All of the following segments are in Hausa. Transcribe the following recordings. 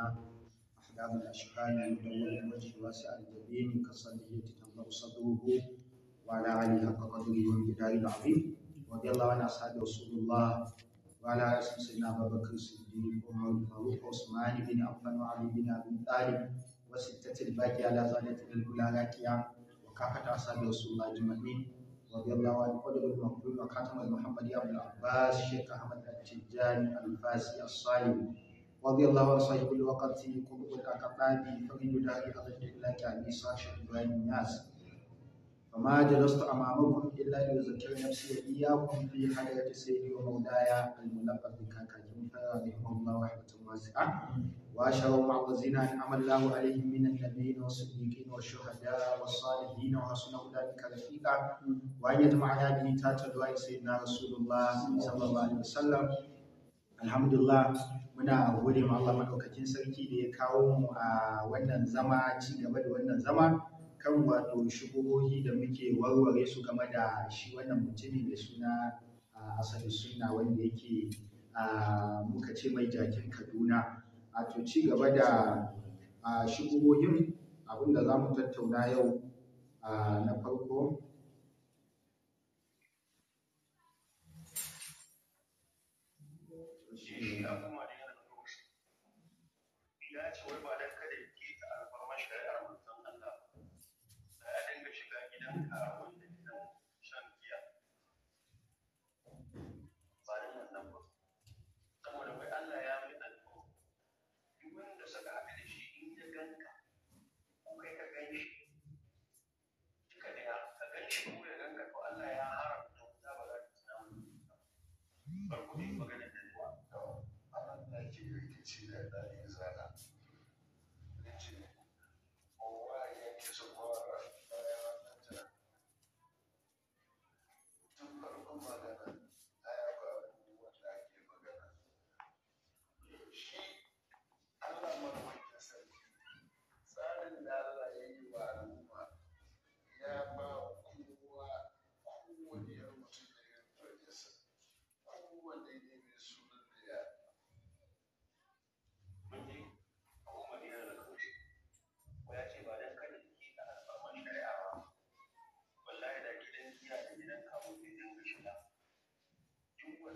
أنفسنا أحداب الأشحال مدور الوجه واسع الجبين كالصدية تنظر صدره وعلى آله حق قدره وامتداره العظيم رضي الله عن أصحاب رسول الله وعلى آله سيدنا أبا بكر الصديق عمر الفاروق عثمان بن عفان وعلي بن أبي طالب وستة الباقي على زادة الأولى راكيا وكافة أصحاب رسول الله أجمعين رضي الله عنه قدر المقبول وخاتم المحمدي أبو العباس شيخ أحمد التجاني الفاسي الصالح رضي الله عن صاحب الوقت كبر كقبابي فقد داري أغد لك ميسا شدوان الناس فما جلست أمامكم إلا ليذكر نفسي وإياكم في حياة سيدي ومولاي الملقب بكاكاكم فرحمه الله رحمة واسعة وأشهد بعض الزنا أنعم الله عليهم من النبيين والصديقين والشهداء والصالحين وحسن أولئك رفيقا وأن يجمعنا به تاتا دعاء سيدنا رسول الله صلى الله عليه وسلم alhamdulillah muna gode ma Allah madaukakin sarki da ya kawo mu a wannan zama ci gaba da wannan zama kan wato shubuhohi da muke warware su game da shi wannan mutumin da suna asali sunna wanda yake muka ce mai jakin kaduna a to ci gaba da abin abinda za mu tattauna yau na farko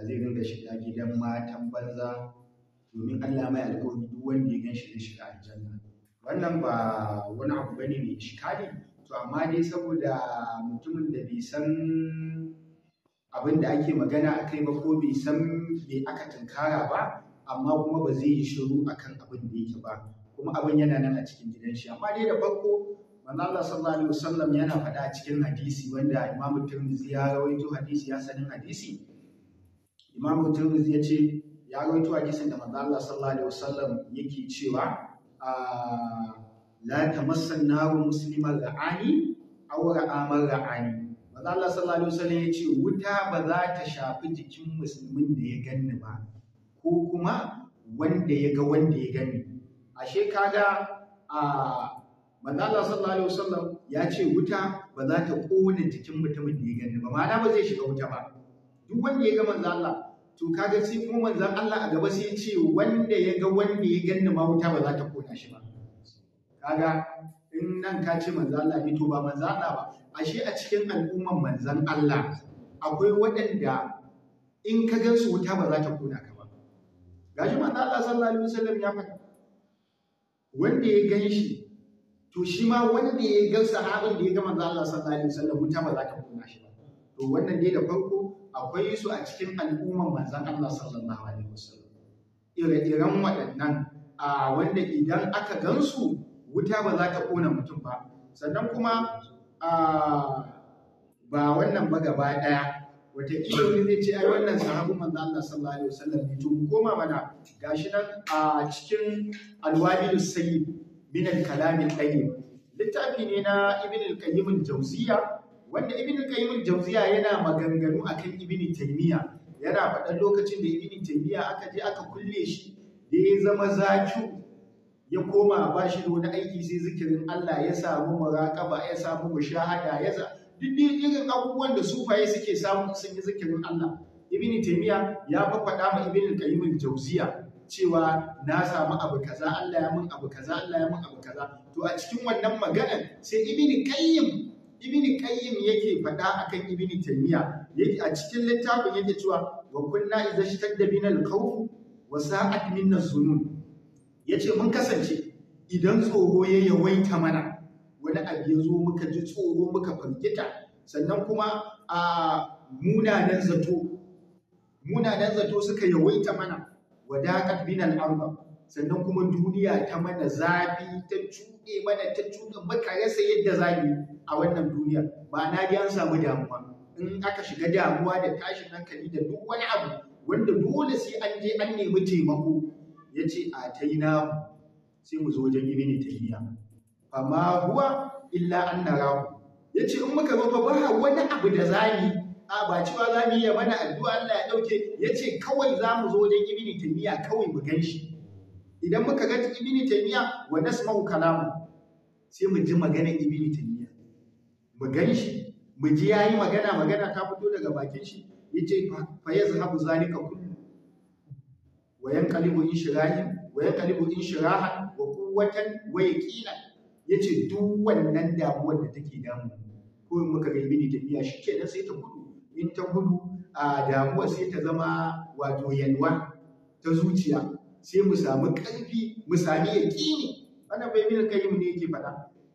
a zai ringa shiga gidan matan banza domin Allah mai alƙawari duk wanda ya ganshi zai shiga aljanna wannan ba wani abu bane mai shikari to amma dai saboda mutumin da bai san abin da ake magana a kai ba ko bai san me aka tunkara ba amma kuma ba zai yi shiru akan abin da yake ba kuma abin yana nan a cikin gidan shi amma dai da farko manzo Allah sallallahu alaihi wasallam yana faɗa a cikin hadisi wanda Imam Tirmidhi ya rawaito hadisi ya sanin hadisi imamu turmiz ya ce ya rawaito hadisin da manzo Allah sallallahu alaihi wasallam yake cewa la tamassan naru musliman ra'ani aw ra'amar ra'ani manzo Allah sallallahu alaihi wasallam ya ce wuta ba za ta shafi jikin musulmin da ya ganni ba ko kuma wanda ya ga wanda ya gani ashe kaga a manzo Allah sallallahu alaihi wasallam ya ce wuta ba za ta kona jikin mutumin da ya ganni ba ma'ana ba zai shiga wuta ba duk wanda ya ga manzo Allah to kaga shi kuma manzon Allah a gaba sai ya ce wanda ya ga wanda ya ganni ma wuta ba za ta kona shi ba kaga in nan ka ce manzon Allah ne to ba manzon Allah ba ashe a cikin al'umman manzon Allah akwai waɗanda in ka gan su wuta ba za ta kona ka ba gashi manzon Allah sallallahu alaihi wasallam ya faɗa wanda ya gan shi to shi ma wanda ya ga sahabin da ya ga manzon Allah sallallahu alaihi wasallam wuta ba za ta kona shi ba to wannan ne da farko akwai su a cikin al'umman manzan Allah sallallahu alaihi wasallam ire-iren waɗannan a wanda idan aka gansu wuta ba za ta ƙona mutum ba sannan kuma ba wannan ba gaba ɗaya wataƙila ne zai ce ai wannan sahabu manzan Allah sallallahu alaihi wasallam ne to koma mana gashi nan a cikin alwabilus sayyid min al-kalam al-qayyim littafi ne na ibn al-qayyim al wanda ibn qayyim jauziya yana maganganu akan ibn taymiya yana faɗan lokacin da ibn taymiya aka je aka kulle shi da ya zama zaki ya koma ba shi da wani aiki sai zikirin Allah ya samu muraqaba ya samu mushahada ya duk dai irin abubuwan da sufaye suke samu sun yi zikirin Allah ibn taymiya ya faɗa ma ibn qayyim jauziya cewa na samu abu kaza Allah ya mun abu kaza Allah ya mun abu kaza to a cikin wannan maganar sai ibn qayyim ibn qayyim yake faɗa akan ibn taymiya yake a cikin littafin yake cewa wa kunna idza shtadda bina al-khawf wa sa'at minna az-zunun yace mun kasance idan tsoro ya yawaita mana wani abu ya muka ji tsoro muka firgita sannan kuma a munanan zato munanan zato suka yawaita mana daqat bina al sannan kuma duniya ta mana zafi ta cuɗe mana ta cuɗe maka rasa yadda zafi a wannan duniya ba na an samu damuwa in aka shiga damuwa da tashin hankali da duk wani abu wanda dole sai an je an nemi taimako ya ce a ta yi na sai mu zo wajen ta tahiya amma huwa illa an ya ce in muka rufa ba wani abu da zafi. a ba cewa za mu yi mana addu'a Allah ya ɗauke ya ce kawai za mu zo wajen ibini miya kawai mu gan shi idan muka ga ibn taymiya wa nasma'u kalamu sai mu ji maganar ibn taymiya mu gan shi mu ji yayi magana magana ta fito daga bakin shi yace fa yazhabu zalika kullu wa yanqalibu shirahi wa yanqalibu shiraha wa quwwatan wa yaqinan yace duk wannan damuwar da take damu ko muka ga ibn taymiya shikenan sai ta gudu in ta gudu a damuwa sai ta zama wato yalwa ta zuciya sai mu samu ƙarfi mu sami ne. wannan bai bin kayyim ne yake faɗa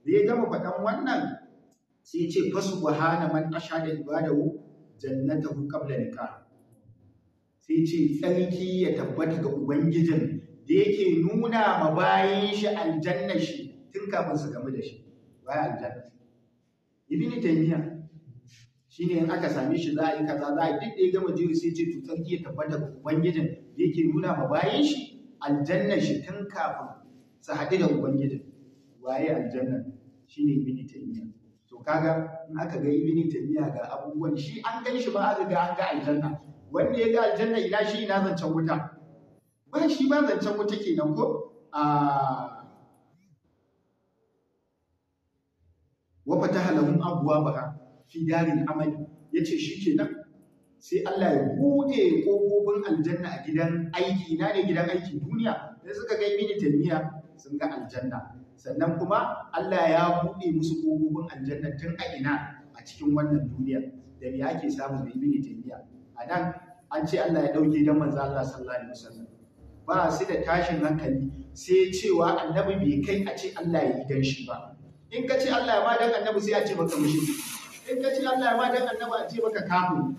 da ya gama faɗan wannan sai ce hana man da ibadahu jannatahu qabla nikah sai ce tsarki ya tabbata ga ubangijin da yake nuna ma bayan shi aljanna shi tun kafin su gamu da shi bayan aljanna ibn taymiya shine in aka same shi za a yi kaza za a duk da ya gama jiri sai ce to tsarki ya tabbata ga ubangijin da yake nuna ma bayan shi aljanna shi tun kafin su haɗu da ubangiji waye aljanna shine ibn taymiya to kaga in aka ga ibn taymiya ga abubuwan shi an gan shi ba a riga an ga aljanna wanda ya ga aljanna ina shi ina zancen wuta ba shi ba zancen wuta kenan ko a wa fataha lahum abwabaha fi darin amali yace shi kenan sai Allah ya bude kokobi aljanna a gidan aiki na ne gidan aikin duniya sai suka kai mini taimiya sun ga aljanna sannan kuma Allah ya buɗe musu ƙofofin aljanna tun a ina a cikin wannan duniya da me ake samu mai mini taimiya a nan an ce Allah ya ɗauke don manzo Allah sallallahu alaihi wasallam ba su da tashin hankali sai cewa annabi bai kai a ce Allah ya yi dan shi ba in ka ce Allah ya ma dan annabi sai a ce maka mushi in ka ce Allah ya ma dan annabi a ce maka kafin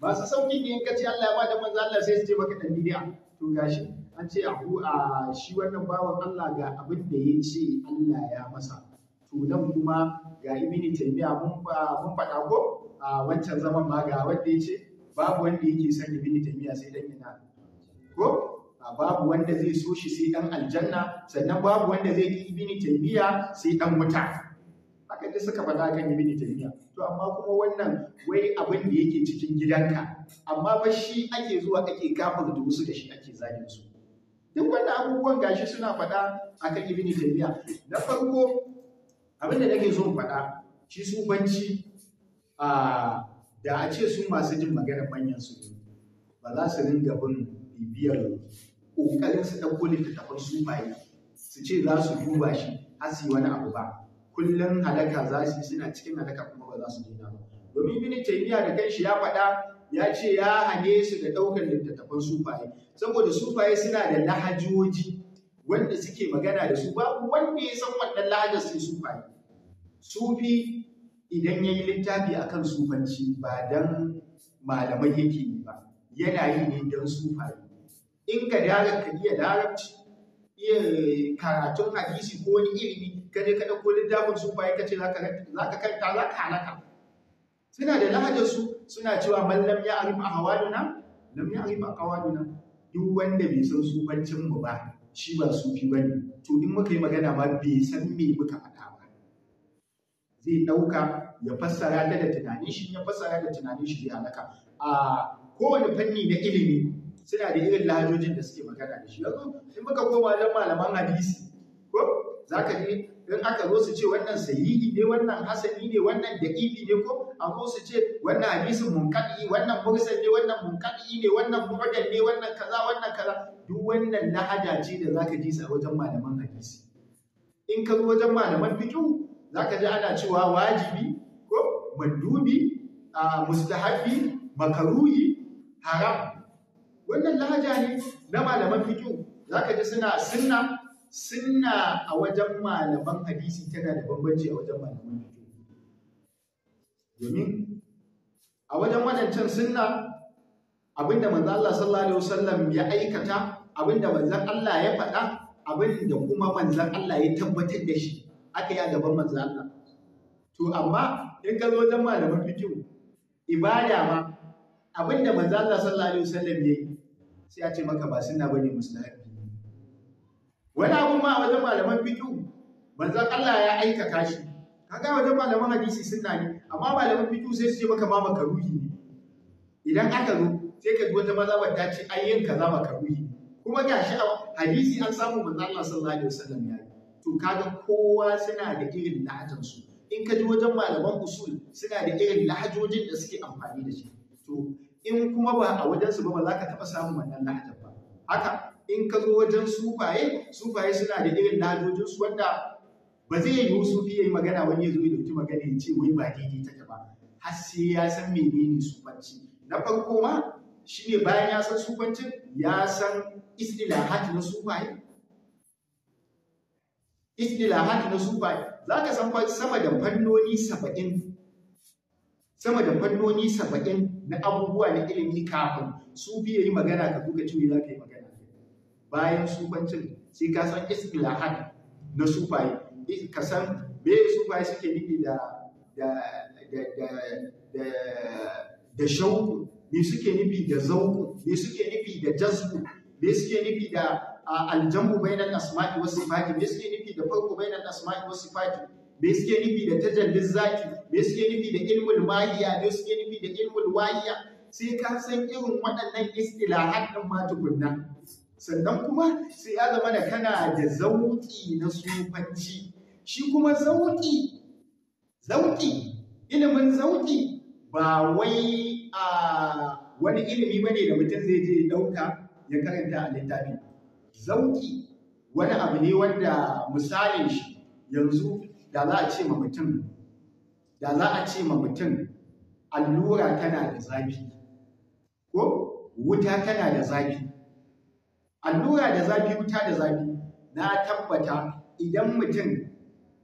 masu sauki ne in ka ce Allah ya da manzo Allah sai su ce maka dan bid'a to gashi an ce a a shi wannan bawan Allah ga abin da ya ce Allah ya masa to nan kuma ga ibini taymiya mun mun faɗa ko a wancan zaman ma ga wanda ya ce babu wanda yake son ibini taymiya sai dan ina ko babu wanda zai so shi sai dan aljanna sannan babu wanda zai yi ibini taymiya sai dan wuta haka dai suka faɗa kan ibini taymiya to amma kuma wannan wai abin da yake cikin gidanka amma ba shi ake zuwa ake da wasu da shi ake zagin su duk wannan abubuwan gashi suna faɗa akan ibn taymiya na farko abin da nake so faɗa shi sufanci a da a ce su masu jin maganar manyan su ba za su ringa bin bibiyar kokarin su ɗauko littattafan sufaye su ce za su duba shi har su yi wani abu ba kullum halaka za su suna cikin halaka kuma ba za su daina ba domin ibn taymiya da kanshi ya faɗa ya ce ya hane su da ɗaukar littattafan sufaye saboda sufaye suna da lahajoji wanda suke magana da su babu wanda ya san wannan lahajar sai sufaye sufi idan ya yi littafi akan sufanci ba dan malamai yake yi ba yana yi ne don sufaye in ka dara ka iya darabci iya karatun hadisi ko wani ilimi ka je ka ɗauko littafin su bayan ka ce za ka kanta za ka halaka suna da lahajar su suna cewa mallam ya arif ahwaduna lam ya arif ahwaduna duk wanda bai san bancin mu ba shi ba su fi bane to in muka yi magana ba bai san me muka faɗa ba zai ɗauka ya fassara ta da tunanin shi ya fassara da tunanin shi zai halaka a kowane fanni na ilimi suna da irin lahajojin da suke magana da shi yanzu in muka koma don malaman hadisi ko za ka je. in aka zo su ce wannan sahihi ne wannan hasani ne wannan da'ifi ne ko a ko su ce wannan hadisi munkadi wannan mursal ne wannan munkadi ne wannan mu'adal ne wannan kaza wannan kaza duk wannan lahaja ce da zaka ji sa wajen malaman hadisi in ka zo wajen malaman fiqh zaka ji ana cewa wajibi ko mandubi a mustahabi makaruhi haram wannan lahaja ne na malaman fiqh zaka ji suna sunna sunna a wajen malaman hadisi tana da bambanci a wajen malaman hadisi domin a wajen wadancan sunna abinda manzo Allah sallallahu alaihi wasallam ya aikata abinda manzo Allah ya faɗa abinda kuma manzo Allah ya tabbatar da shi aka yi a gaban manzo Allah to amma in ka zo wajen malaman fiqh ibada ma abinda manzo Allah sallallahu alaihi wasallam ya yi sai a ce maka ba sunna bane mustahabi wani abun ma a wajen malaman fiqh manzon Allah ya aikata shi kaga wajen malaman hadisi sunna ne amma malaman biyu sai su ce maka ma makaruhi ne idan aka zo sai ka ji wata mazhabar ta ce ayyin kaza makaruhi kuma shi a hadisi an samu maza Allah sallallahu alaihi wasallam ya yi to kaga kowa suna da irin lahajar su in ka ji wajen malaman usul suna da irin lahajojin da suke amfani da shi to in kuma ba a wajen su ba ba za ka taɓa samun wannan lahajar ba haka in ka zo wajen sufaye sufaye suna da irin lalojin su wanda ba zai yi fi yayi magana wani ya zo ya dauki magana ya ce wai ba daidai take ba har sai ya san menene sufanci na farko ma shine bayan ya san sufanci ya san istilahat na sufaye istilahat na sufaye za ka san sama da fannoni saba'in sama da fannoni 70 na abubuwa na ilimi kafin sufi ya yi magana ka duka cewa za ka yi magana bayan sufancin sai ka san istilahat na sufayi eh, ka san me sufayi suke nufi da da da da da shauku me suke nufi da zauku me suke nufi da jazbu me suke nufi da aljamu bainal asma'i was sifati me suke nufi da farko bainal asma'i was sifati me suke nufi da tajallin zaki me suke nufi da ilmul mahiya me suke nufi da ilmul wahiya sai ka san irin waɗannan istilahan din ma tukunna sannan kuma sai ya zama da kana da zauki na sufanci shi kuma zauki zauki ilimin zauki ba wai a wani ilimi ne da mutum zai je dauka ya karanta a littafi zauki wani abu ne wanda misalin shi yanzu da za a ce ma mutum da za a ce ma mutum allura tana da zafi ko wuta tana da zafi allura da zafi wuta da zafi na tabbata idan mutum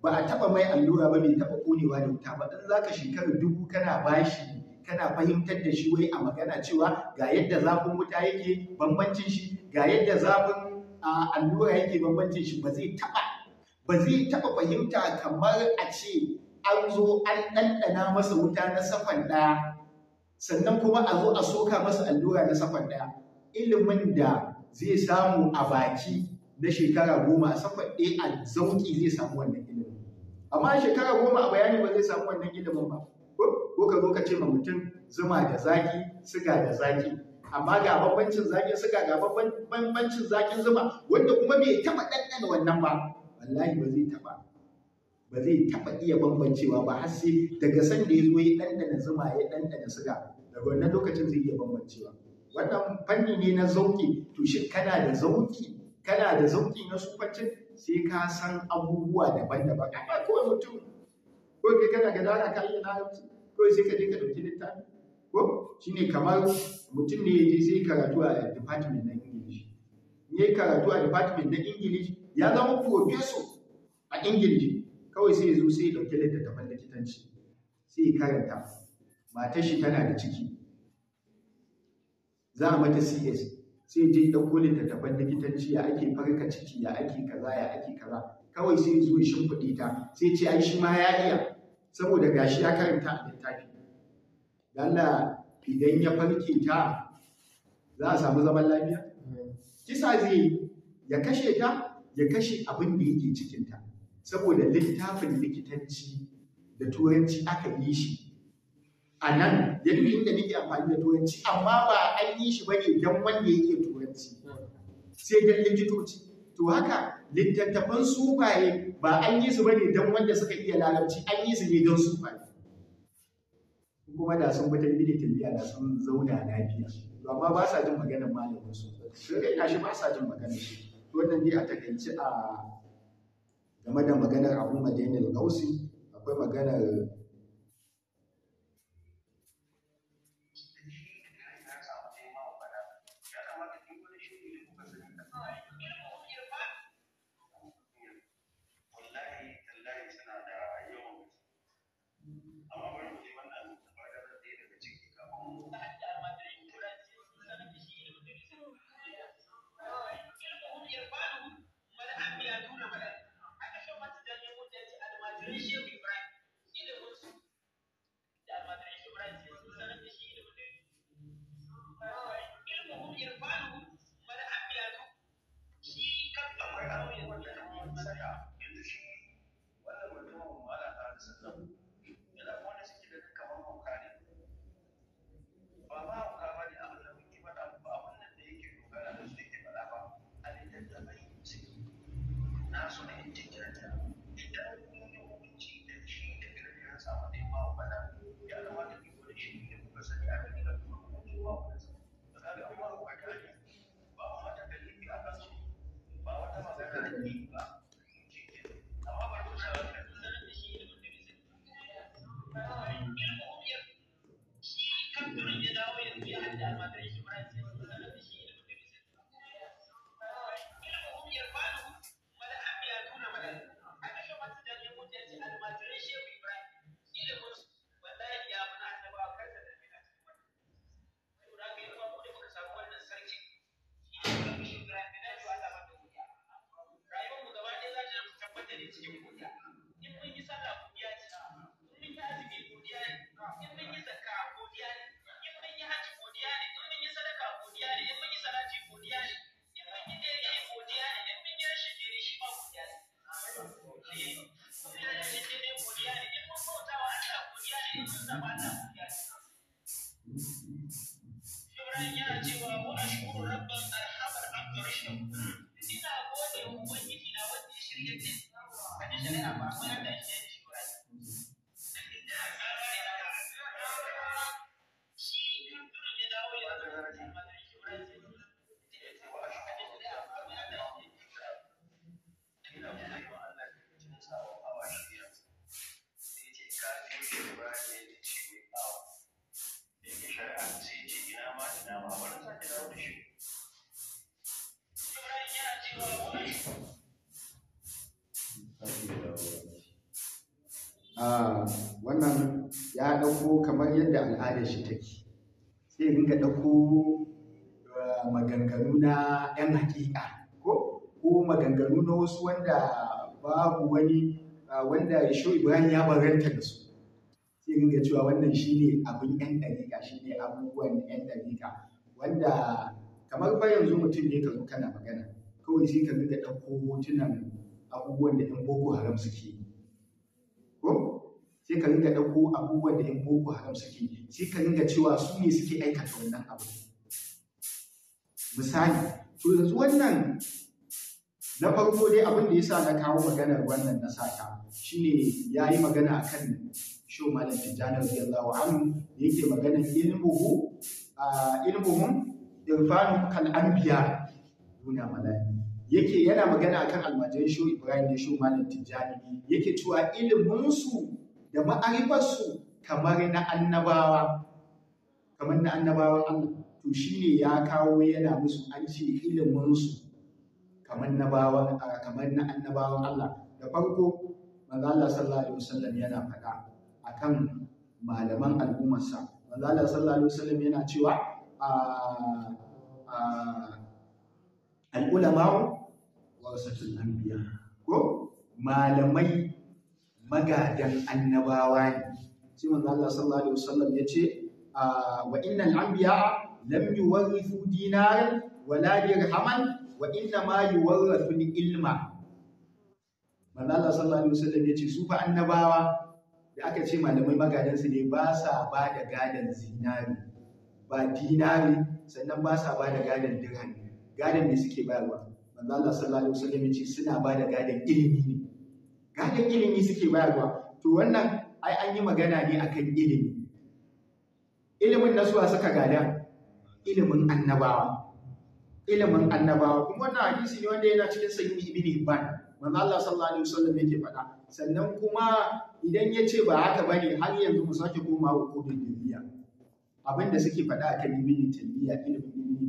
ba a taba mai allura ba bai taba konewa da wuta ba dan zaka shekaru dubu kana bashi kana fahimtar da shi wai a magana cewa ga yadda zafin wuta yake bambancin shi ga yadda zafin allura yake bambancin shi ba zai taba ba zai taba fahimta kamar a ce an zo an ɗanɗana masa wuta na safan ɗaya sannan kuma a zo a soka masa allura na safan ɗaya ilimin da zai samu a baki na shekara goma a ɗaya a zauki zai samu wannan ilimin amma shekara goma a bayani ba zai samu wannan ilimin ba ko ka zo ka ce ma mutum zuma da zaki siga da zaki amma ga bambancin zaki suga ga bambancin zakin zuma wanda kuma bai taɓa ɗanɗana wannan ba wallahi ba zai taɓa ba zai taɓa iya bambancewa ba har sai daga sanda ya zo ya ɗanɗana zuma ya ɗanɗana siga daga wannan lokacin zai iya bambancewa wannan fanni ne na zauki to shi kana da zauki kana da zauki na sufancin sai ka san abubuwa daban-daban amma ko mutum ko kai kana ga dana ka yi larabci ko sai ka je ka dauki littafi ko shine kamar mutum ne ya je sai karatu a department na English ne karatu a department na English ya zama professor a English kawai sai ya zo sai ya dauki littattafan likitanci sai ya karanta matar shi tana da ciki za a mata cs sai je ɗauko littattafan likitanci ya ake farka ciki ya ake kaza ya ake kaza kawai sai zuwa ya kuɗi ta sai ce ai shi ma ya iya saboda gashi ya karanta a littafi Allah idan ya farke ta za a samu zaman lafiya kisa zai ya kashe ta ya kashe abin da yake cikinta saboda littafin likitanci da turanci aka yi shi a nan yadda inda nake amfani da turanci amma ba an yi shi bane don wanda yake turanci sai dan likitoci to haka littattafan sufaye ba an yi su bane don wanda suka iya larabci an yi su ne don sufaye kuma da sun bata ibn taymiya da sun zauna lafiya to amma ba sa jin maganar malamin su sai ka shi ba sa jin maganar shi to wannan dai a takaice a game da maganar Abu Madainil Gausi akwai maganar yadda al'adar shi take sai dinga ɗauko eh, maganganu na 'yan hakika ko ko maganganu na wasu wanda babu wani eh, wanda shi ibrahim ya baranta da su sai dinga cewa wannan shi ne abin 'yan ɗariƙa ne abubuwan 'yan ɗariƙa wanda kamar fa yanzu mutum ne ka zo kana magana kawai sai ka dinga ɗauko hotunan abubuwan da 'yan boko haram suke yi sai ka ringa ɗauko abubuwan da yan boko haram suke sai ka ringa cewa su ne suke aikata wannan abu misali to yanzu wannan na farko dai abin da ya sa na kawo maganar wannan na sata shine ya yi magana a kan shin malam tijjani radiyallahu anhu da yake maganar ilmuhu a irfanum kal anbiya duna malai yake yana magana akan almajirin shu ibrahim da shu malam tijjani yake cewa ilmunsu da ma'arifarsu kamar na annabawa kamar na annabawan Allah to shine ya kawo yana musu an ce iliminsu kamar na bawa kamar na annabawan Allah da farko manzo Allah sallallahu alaihi wasallam yana faɗa akan malaman al'ummarsa manzo Allah sallallahu alaihi wasallam yana cewa a al-ulama warasatul anbiya ko malamai magadan annabawa ne sai manzo Allah sallallahu alaihi wasallam ce ah, wa innal anbiya lam yuwarrifu dinar wala dirhaman wa inna ma yuwarrifu ilma manzo Allah sallallahu alaihi wasallam ce su fa annabawa da aka ce malamai magadan su ne ba sa ba da gadan zinari ba dinari sannan ba sa ba da gadan dirham gadan ne suke bayarwa manzo Allah sallallahu alaihi wasallam ce suna ba da gadan ilimi ne kaga ilimi suke bayarwa to wannan ai an yi magana ne akan ilimi ilimin na suwa suka gada ilimin annabawa ilimin annabawa kuma wannan hadisi ne wanda yana cikin sahihi ibn ibn manzo Allah sallallahu alaihi wasallam yake faɗa sannan kuma idan ya ce ba haka bane har yanzu mu sake koma wa kodin dubiya abin da suke faɗa akan ibn Taymiyyah ilimin ibn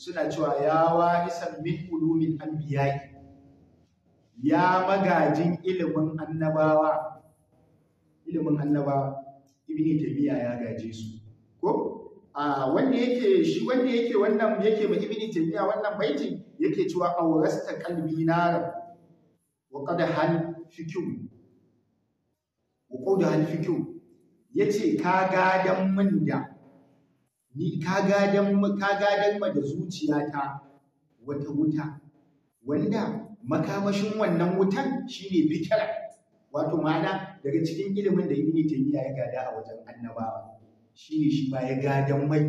suna cewa ya wa isan min ulumin anbiya'i ya magajin ilimin annabawa ilimin annabawa ibn taymiya ya gaje su ko a wanda yake shi wanda yake wannan yake ma ibn taymiya wannan baitin yake cewa awrasta qalbi nar wa qad hal fikum wa qad hal fikum yace ka gadan min da ni ka gadan ka gadan ma da zuciyata wata wuta wanda makamashin wannan wutan shine fikira wato ma'ana daga cikin ilimin da ibn taymiya ya gada a wajen annabawa shine shi ma ya gadan mai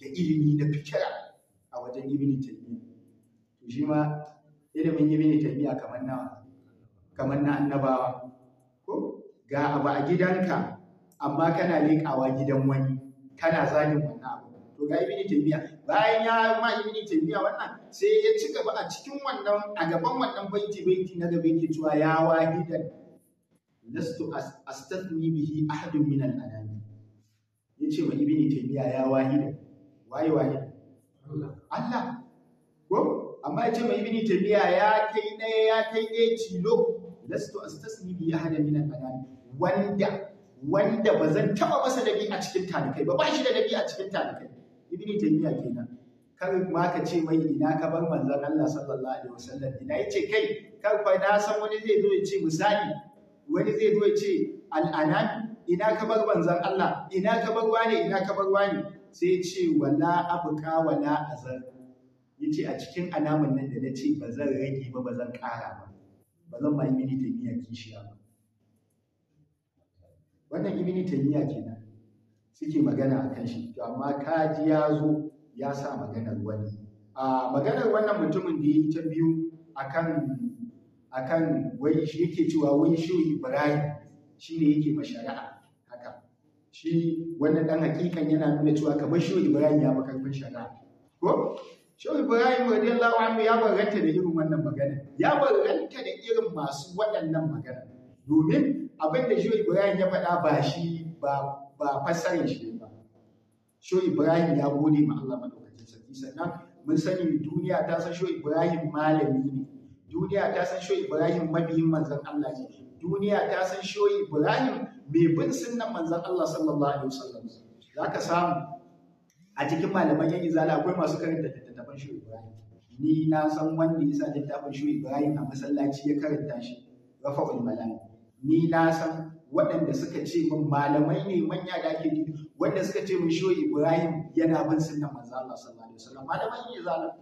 da ilimi na fikira a wajen ibn taymiya to shi ma ilimin ibn taymiya kamar na kamar na annabawa ko ga abu a gidanka amma kana leƙawa gidan wani kana zalin wannan to ga ibn taymiya bayan ya ma ibn taymiya wannan sai ya ci gaba a cikin wannan a gaban wannan baiti baiti na gaba yake cewa ya wahidan lastu astathni bihi ahadun min al-anam yace ma ibn taymiya ya wahidan waye wahidan Allah ko amma yace ma ibn taymiya ya kai ɗaya ya kai ɗaya cilo lastu astasni bi ya min al-anam wanda wanda ba zan taba masa dabi a cikin talikai ba ba shi da dabi a cikin talikai ibn taymiya kenan kar ma ka ce mai ina ka bar manzon Allah sallallahu alaihi wasallam ina yace kai kar fa na san wani zai zo ya ce misali wani zai zo ya ce ina ka bar manzon Allah ina ka bar wani ina ka bar wani sai ce wala abqa wala azar yace a cikin alamun nan da na ce ba zan rage ba ba zan ƙara ba ba zan ma ibn taymiya kishiya ba wannan ibn taymiya kenan suke magana a kan shi to amma kaji ya zo ya sa maganar wani a maganar wannan mutumin da ya yi ta biyu a kan wai shi yake cewa wai shi Ibrahim shi ne yake mashari'a haka shi wannan dan hakikan yana nuna cewa kamar shi Ibrahim ya maka kan shari'a ko shi Ibrahim radiyallahu anhu ya barranta da irin wannan magana ya barranta da irin masu waɗannan magana domin abin da shi Ibrahim ya faɗa ba shi ba ba fassarar shi ne ba sho ibrahim ya gode ma Allah madaukakin sarki sannan mun sani duniya ta san sho ibrahim malami ne duniya ta san sho ibrahim mabiyin manzon Allah ne duniya ta san sho ibrahim mai bin sunnan manzon Allah sallallahu alaihi wasallam zaka samu a cikin malaman yan izala akwai masu karanta littattafan sho ibrahim ni na san wanda ya sa littafin sho ibrahim a masallaci ya karanta shi rafa'ul mala'ik ni na san waɗanda suka ce min malamai ne manya da ake bi wanda suka ce min shoyi Ibrahim yana bin sunnan manzo Allah sallallahu alaihi wasallam malamai ne zalla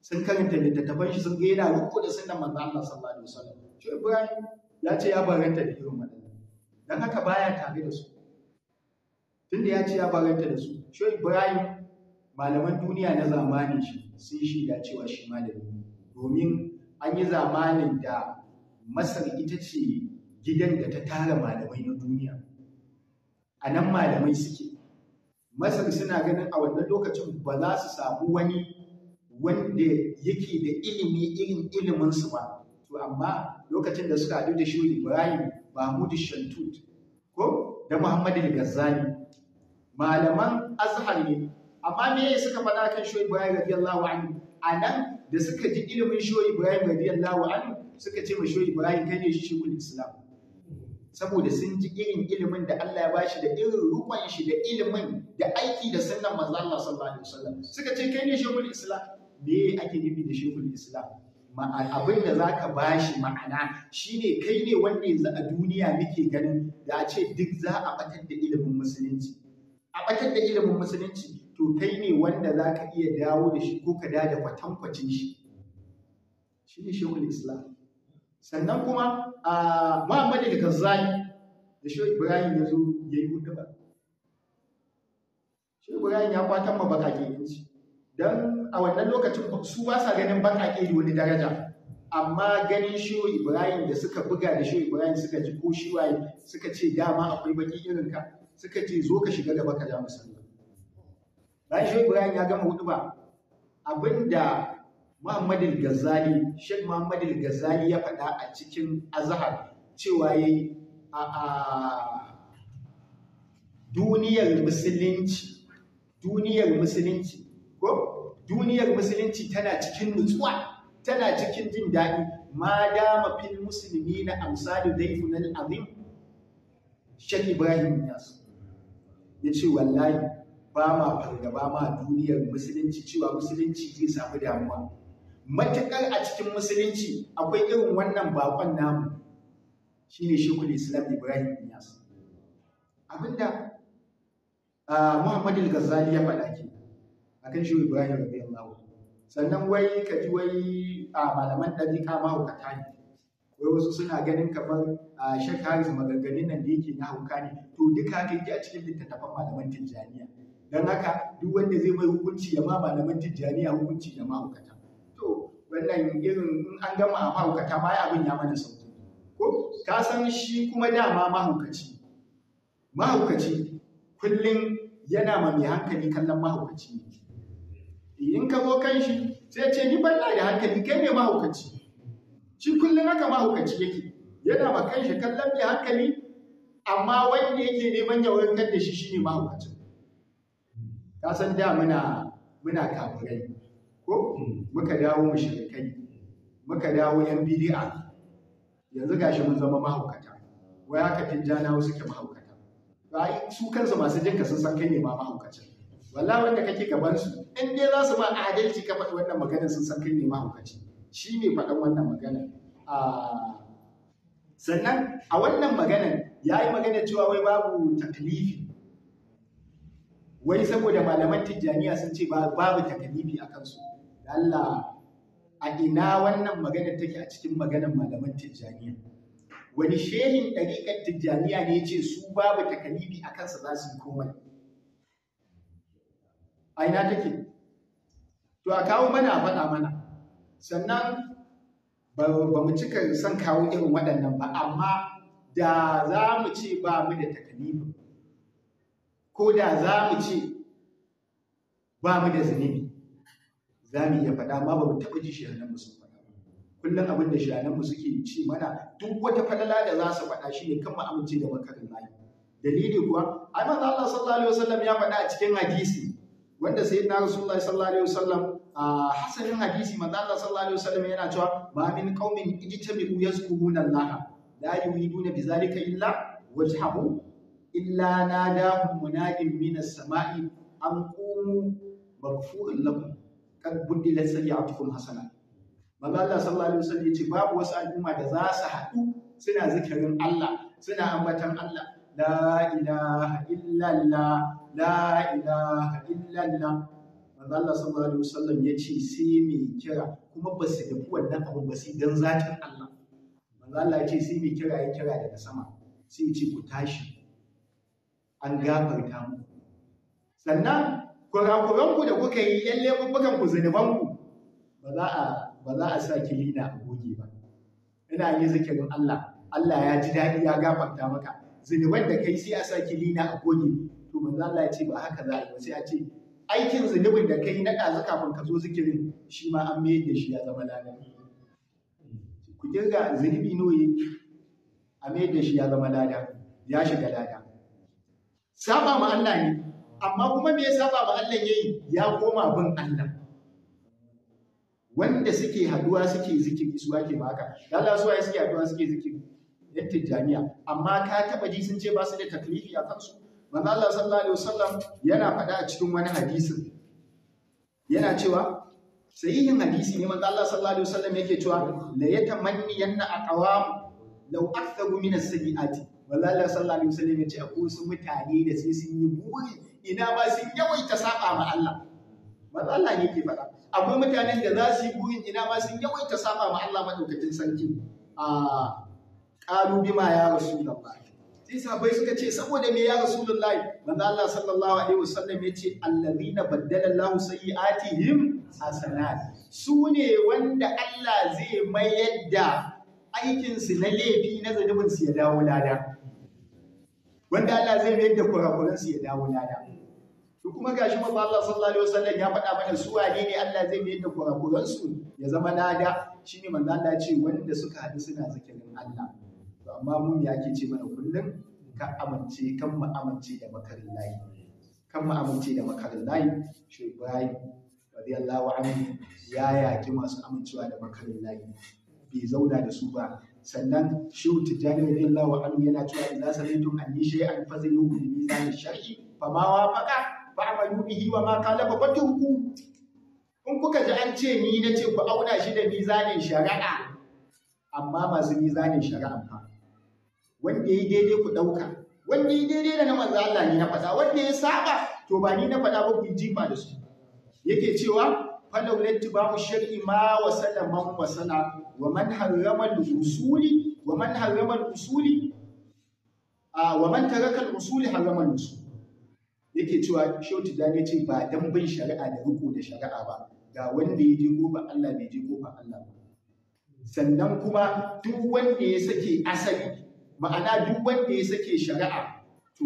sun karanta littattafan shi sun ga yana riko da sunnan manzo Allah sallallahu alaihi wasallam shoyi Ibrahim ya ce ya baranta da irin waɗannan dan haka baya tare da su tunda ya ce ya baranta da su shoyi Ibrahim malaman duniya na zamanin shi sun shida cewa shi malami domin an yi zamanin da Masar ita ce gidan da ta tara malamai na duniya a nan malamai suke masar suna ganin a wannan lokacin ba za su samu wani wanda yake da ilimi irin iliminsu ba to amma lokacin da suka haɗu da shi ibrahim mahmud shantut ko da muhammad gazzani malaman azhar ne amma me suka faɗa kan shi ibrahim radiyallahu anhu a nan da suka ji ilimin shi ibrahim radiyallahu anhu suka ce ma shi ibrahim kai ne shi shekul islam saboda sun ji irin ilimin da Allah ya bashi da irin ruwan shi da ilimin da aiki da sunnan manzo Allah sallallahu alaihi wasallam suka ce kai ne shehul islam me ake nufi da shehul islam abin da zaka ka ba shi ma'ana shine kai ne wanda yanzu a duniya muke ganin da a ce duk za a batar da ilimin musulunci a batar da ilimin musulunci to kai ne wanda za ka iya dawo da shi ko ka da kwatankwacin shi shine shehul islam sannan kuma a Muhammad da kazzai da shi Ibrahim ya zo ya yi hudu ba shi Ibrahim ya kwatan ma bakake yanci Don a wannan lokacin su ba sa ganin bakake wani daraja amma ganin shi Ibrahim da suka buga da shi Ibrahim suka ji ko shi waye suka ce dama akwai baki irin ka suka ce zo ka shiga gaba ka ja musulmi bayan Ibrahim ya gama hudu ba abinda Muhammad Ghazali Sheikh Muhammad Ghazali ya faɗa a cikin Azhar cewa yi. a duniyar musulunci duniyar musulunci ko duniyar musulunci tana cikin nutsuwa tana cikin jin daɗi ma dama fil musulmi na da amsalu na al'azim Sheikh Ibrahim Yas ya ce wallahi ba ma fargaba ma duniyar musulunci cewa musulunci zai samu damuwa matuƙar a cikin musulunci akwai irin wannan bakon namu shi kuli islam ibrahim niyas abinda Muhammadu al ya faɗa ke A kan shi ibrahim radiyallahu sannan wai ka ji wai a malaman ɗabi'a mahaukata ne wai wasu suna ganin kamar a shakari su maganganun nan da yake na hauka ne to duka haka yi a cikin littattafan malaman tijjaniya don haka duk wanda zai mai hukunci ya ma malaman tijjaniya hukunci ya mahaukata wannan irin in an gama a mahaukata ya abin ya mana sauki ko ka san shi kuma dama mahaukaci mahaukaci kullum yana ma mai hankali kallon mahaukaci ne in ka zo kan shi sai ce ni ban da hankali kai ne mahaukaci shi kullum haka mahaukaci yake yana ma kan shi kallon mai hankali amma wanda yake neman ya warkar da shi shine mahaukacin ka san da muna muna kafirai ko muka dawo mushrikai muka dawo yan bid'a yanzu gashi mun zama mahaukata Waya wai na wasu suke mahaukata ai su kansu masu jinka sun san kai ne ma mahaukacin wallahi wanda kake gaban su in dai za su ba adalci ka faɗi wannan magana sun san kai ne mahaukaci shi ne faɗan wannan magana sannan a wannan magana ya yi magana cewa wai babu taklifi wai saboda malaman tijjaniya sun ce babu taklifi a kansu Allah a ina wannan magana take a cikin maganar malaman tijjaniya wani shehin ɗariƙar tijjaniya ne ya ce su babu takalibi a kansa za su yi komai a ina take to a kawo mana faɗa mana sannan ba mu cika son kawo irin waɗannan ba amma da za mu ce ba mu da takalibi. ko da za mu ce ba mu da zunubi za mu iya faɗa ma ba mu taɓa ji mu sun faɗa kullum abin da mu suke ci mana duk wata falala da za su faɗa shi ne kan mu amince da makarin layi dalili kuwa ai manzo Allah sallallahu alaihi wasallam ya faɗa a cikin hadisi wanda sayyidina rasulullahi sallallahu alaihi wasallam a hasanin hadisi manzo Allah sallallahu alaihi wasallam yana cewa ma min qaumin ijtamu yazkuruna Allah la yuriduna bizalika illa wajhahu illa nadahum munadin minas sama'i an qumu maghfurun lakum kad buddilat sayyi'atukum hasana manzo Allah sallallahu alaihi wasallam yace babu wasu al'umma da za su haɗu suna zikirin Allah suna ambatan Allah la ilaha illallah la ilaha illallah manzo Allah sallallahu alaihi wasallam yace sai mai kira kuma ba su dafi wannan abu ba sai dan zatin Allah manzo Allah yace sai mai kira ya kira daga sama sai ya ce ku tashi an gafarta muku sannan kurakuranku da kuka yi yan laifuffukan ku zunubanku ba za a ba za a sa kilina a goge ba ina yi zikirin Allah Allah ya ji daɗi ya gafarta maka zunuban da kai sai a sa kilina a goge to manzo Allah ya ce ba haka za a yi sai a ce aikin zunubin da kai na ɗazu kafin ka zo zikirin shi ma an mayar da shi ya zama lada ku kirga zunubi noye a mayar da shi ya zama lada ya shiga lada saba ma Allah ne amma kuma me ya saba Allah yayi ya koma bin Allah wanda suke haduwa suke zikiri su wake ba haka Allah su waye suke haduwa suke zikiri yan tijaniya amma ka taba ji sun ce ba su da taklifi a kansu manzo Allah sallallahu alaihi wasallam yana faɗa a cikin wani hadisin yana cewa sahihin hadisi ne manzo Allah sallallahu alaihi wasallam yake cewa la yatamanni yanna aqwam law akthabu min as-sayyiati wallahi sallallahu alaihi wasallam yace akwai su mutane da sai sun yi buri ina ba sun yawaita saba ma Allah manzo Allah ne ke faɗa akwai mutanen da za su yi burin ina ma sun yawaita saba ma Allah madaukakin sarki a qalu bima ya rasulullah sai sabai suka ce saboda me ya rasulullah manzo Allah sallallahu alaihi wasallam yace allazina baddala Allahu sayyi'atihim hasanat su ne wanda Allah zai mayar da aikinsu na laifi na su ya dawo lada wanda Allah zai mayar da kurakuran su ya dawo lada to kuma gashi ba Allah sallallahu alaihi wasallam ya faɗa mana su wani ne Allah zai mayar da kurakuran su ya zama lada shine manzo Allah ce wanda suka hadu suna zikirin Allah to amma mun ya ke ce mana kullum ka amince kan mu amince da makarin layi kan mu amince da makarin shi Ibrahim radiyallahu anhu ya yaki masu amincewa da makarin layi bai zauna da su ba sannan shehu tijjani radiyallahu anhu yana cewa idza an anni shay'an fazinu bi mizan shar'i fa ma wafaqa fa amalu bihi wa ma qala fa fatuhu in kuka ji an ce ni ce ku auna shi da mizanin shari'a amma masu mizanin shari'a fa wanda yi daidai ku dauka wanda yi daidai da na manzo Allah ne na faɗa wanda ya saba to ba ni na faɗa ba ku jifa da su yake cewa ba mu shar'i ma wasala man wasala wa man harrama al wa man harrama al-usuli wa man taraka al-usuli harrama al-usul yake cewa shauti da ne ba dan bin shari'a da riko da shari'a ba ga wanda ya je gobe Allah bai je gobe Allah sannan kuma duk wanda ya sake asali ma'ana duk wanda ya sake shari'a to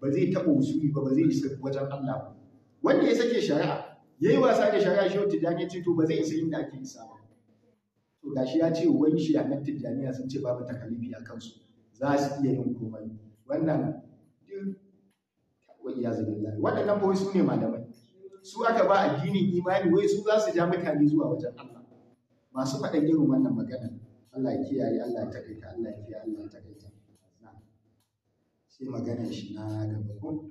ba zai taɓa usuli ba ba zai isa wajen Allah wanda ya sake shari'a yayi wasa da shari'a shi wata jami'a ce to ba zai isa inda ake isa ba to gashi ya ce wai shi a nan tijjaniya sun ce babu takalifi a kansu za su iya yin komai wannan ya zubillah waɗannan ba su ne malamai su aka ba addinin imani wai su za su ja mutane zuwa wajen Allah masu faɗan irin wannan magana Allah ya kiyaye Allah ya takaita Allah ya kiyaye Allah ya takaita sai magana shi na gaba ko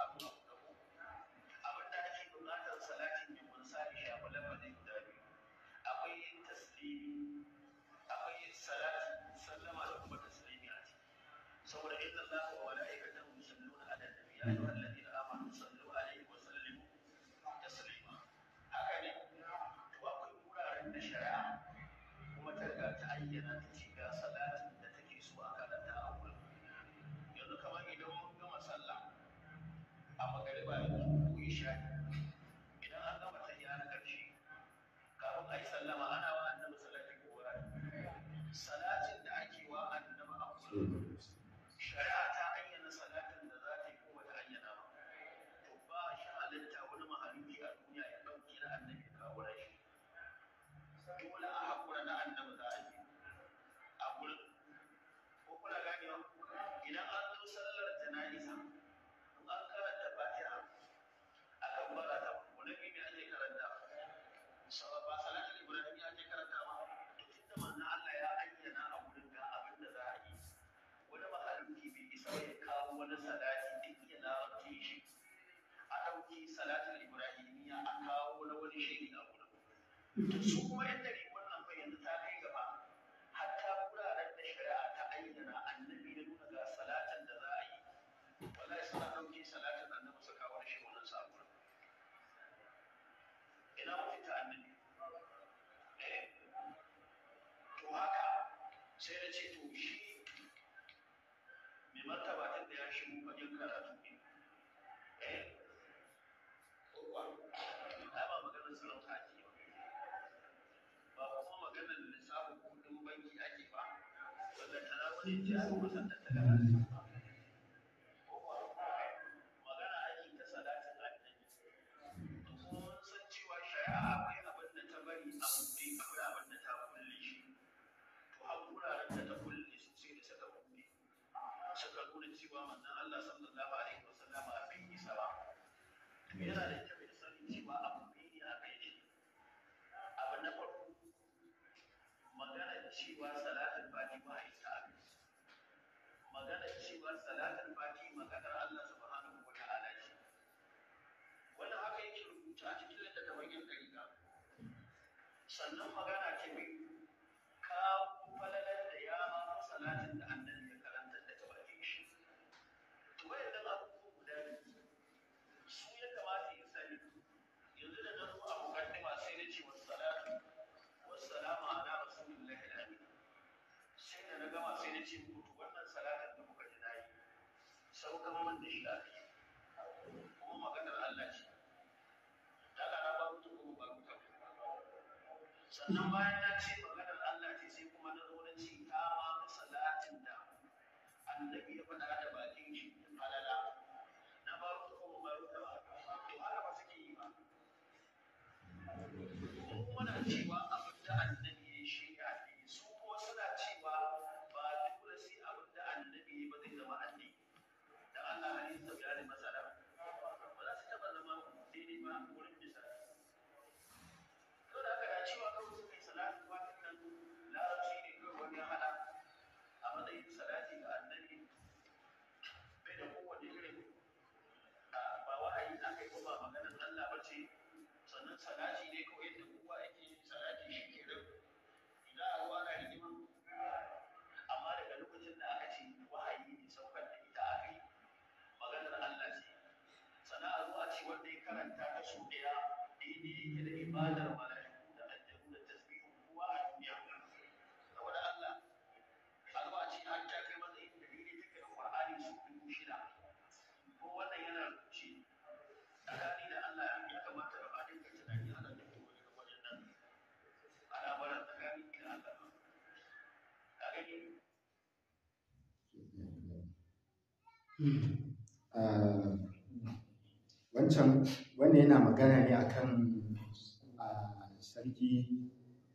أيها الذين Su cewa da da yana was salatul fati maganar Allah subhanahu wa ta'ala ce wannan haka yake rubuta a cikin littattafan yan dariƙa sannan magana ce mai kawo falalar da ya ma salatin da annabi ya karanta da ta bakin shi to wayannan abubuwa guda biyu su ya kamata ya sani yanzu da na zo a mukaddima sai na ce wassalatu wassalamu ala rasulillahi alamin sai da na gama sai na ce muku saukan man da shi aka kuma maganar Allah ce ta lara ba mutu ko ba mutu sannan bayan na ce maganar Allah ce sai kuma na zaune ce ta ma ga salatin da annabi ya faɗa da bakin shi falala na ba mutu kuma ba mutu ba to haka ba suke yi ba muna cewa salati ne kawai yadda kowa yake yin salati shi ke nan idan ruwa na rigima amma daga lokacin da aka ce wahayi ne saukar da ita aka yi maganar Allah ce sana'ar ruwa ce wanda ya karanta ta su ɗaya daidai yake da ibadar Eh, wancan, wannan yana magana ne akan ah, Sarki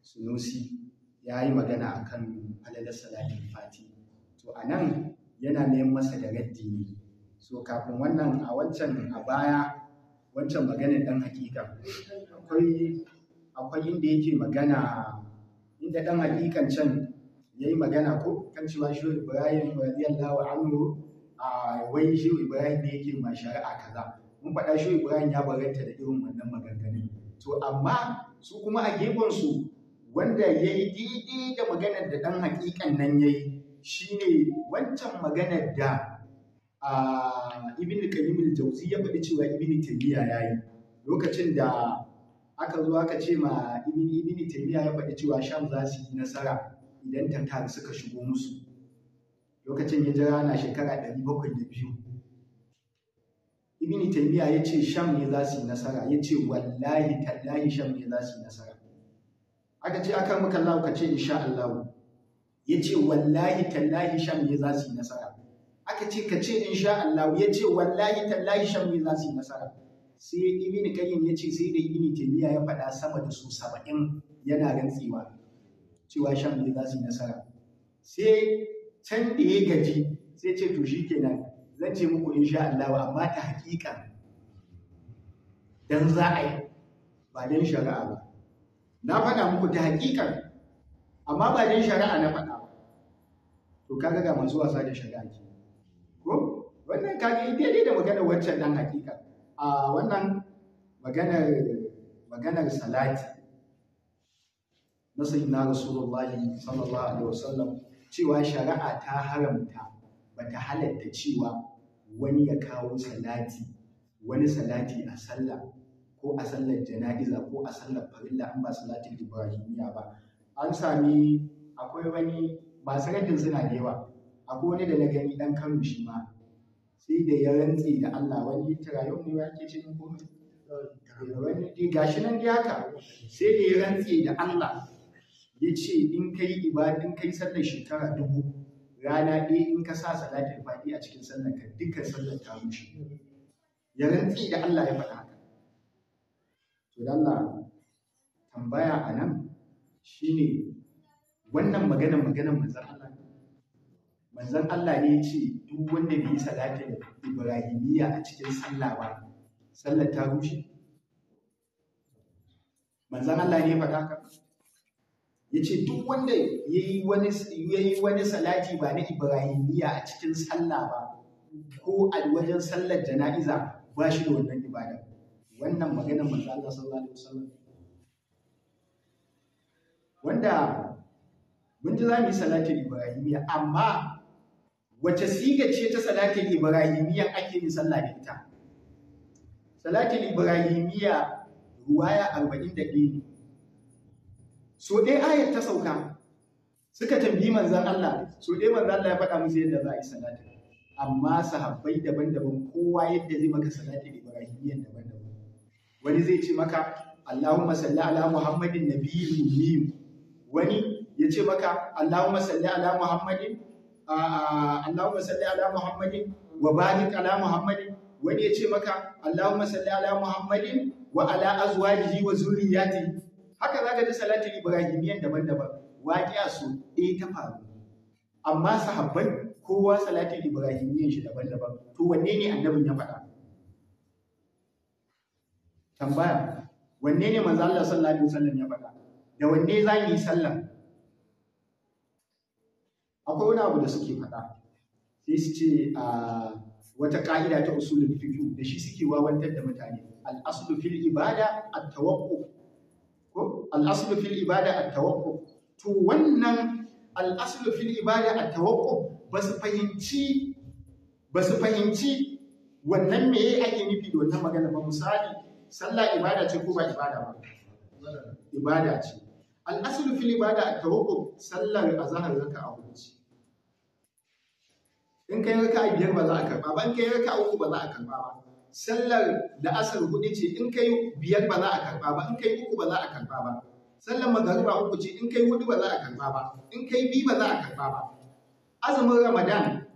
Sunusi ya yi magana akan falalar salatin fati. To a nan yana neman masa da raddi ne. So kafin wannan a wancan a baya wancan magana ɗan hakika akwai akwai inda yake magana inda ɗan hakikan can ya yi magana ko kan cewa shi Ibrahim radiyallahu anhu wai shehu ibrahim ne yake ma shari'a kaza mun faɗa shehu ibrahim ya baranta da irin wannan maganganun to amma su kuma a gefen su wanda ya yi didi da maganar da ɗan hakikan nan ya yi shi ne wancan maganar da ibn qayyim jauzi ya faɗi cewa ibn taymiya ya yi lokacin da aka zo aka ce ma ibn ibn taymiya ya faɗi cewa sham za su yi nasara idan tantar suka shigo musu lokacin ya jira na shekara ɗari bakwai da biyu ibini taymiya ya ce sham ne za su yi nasara ya ce wallahi tallahi sham ne za su yi nasara aka ce aka muka Allah ka ce insha Allah ya ce wallahi tallahi sham ne za su yi nasara aka ce ka ce insha Allah ya ce wallahi tallahi sham ne za su yi nasara sai ibn qayyim ya ce sai da ibini taymiya ya faɗa sama da su saba'in yana rantsewa cewa sham ne za su yi nasara sai can da ya gaji sai ce to shi kenan zan ce muku insha Allah amma ta hakika dan za a yi ba dan shari'a ba na faɗa muku ta haƙiƙa amma ba dan shari'a na faɗa ba to kaga ga masu wasa da shari'a ke ko wannan kaga daidai da maganar waccan dan hakika a wannan maganar maganar salati na sayyidina rasulullahi sallallahu alaihi wasallam cewa shari'a ta haramta bata halatta cewa wani ya kawo salati wani salati a sallah ko a sallar jana'iza ko a sallar farilla an ba salatin ibrahimiya ba an sami akwai wani masu rajin suna da yawa akwai wani da na gani dan kanu shi ma sai da ya rantse da Allah wani tarayyar ne yake ce ko wani gashi nan dai haka sai da ya rantse da Allah ya ce in ka yi ibadin kai sallar shekara dubu rana ɗaya in ka sa salatin faɗi a cikin sallar ka dukkan sallar ta rushe ya rantsi da Allah ya faɗa haka to Allah tambaya a nan shine wannan maganar maganar manzon Allah manzon Allah ne ya ce duk wanda bai yi salatin Ibrahimiyya a cikin sallah ba sallar ta rushe manzon Allah ne ya faɗa haka ya ce duk wanda ya yi wani salati ba na Ibrahimiyya a cikin sallah ba ko a wajen sallar jana'iza ba shi da wannan ibada wannan magana manzo Allah sallallahu alaihi wasallam wanda mun ji za mu yi salatin Ibrahimiyya, amma wace siga ce ta salatin ibrahimiyya ake yin sallah da ita salatin ibrahimiyya ruwaya 41 ne so ɗaya ayat ta sauka suka tambayi manzan Allah so ɗaya manzan Allah ya faɗa musu yadda za a yi salati amma sahabbai daban-daban kowa yadda zai maka salati ibrahimiyyan daban-daban wani zai ce maka Allahumma salli ala Muhammadin nabiyil mumin wani ya ce maka Allahumma salli ala Muhammadin Allahumma salli ala Muhammadin wa barik ala Muhammadin wani ya ce maka Allahumma salli ala Muhammadin wa ala azwajihi wa zurriyatihi haka za ka ji salatin ibrahimiyan daban-daban waƙiya su ɗaya ta faru amma sahabbai kowa salatin ibrahimiyan shi daban-daban to wanne ne annabin ya faɗa tambaya wanne ne manzo Allah sallallahu alaihi wasallam ya faɗa da wanne za mu yi sallah akwai wani abu da suke faɗa sai su ce a wata ƙa'ida ta usulul fiqh da shi suke wawantar da mutane al aslu fil ibada at tawaqquf al'aslu fil ibada at tawakkuf to wannan al'aslu fil ibada at tawakkuf ba su fahimci ba su fahimci wannan meye ake nufi da wannan magana ba misali sallah ibada ce ko ba ibada ba ibada ce al'aslu fil ibada at tawakkuf sallar azhar zaka a hukunci in kai raka a biyar ba za a karba ba in kai raka a uku ba za a karba ba sallar da asar hudu ce in kai biyar ba za a karba ba in kai uku ba za a karba ba sallar magariba uku ce in kai hudu ba za a karba ba in kai biyu ba za a karba ba azumin ramadan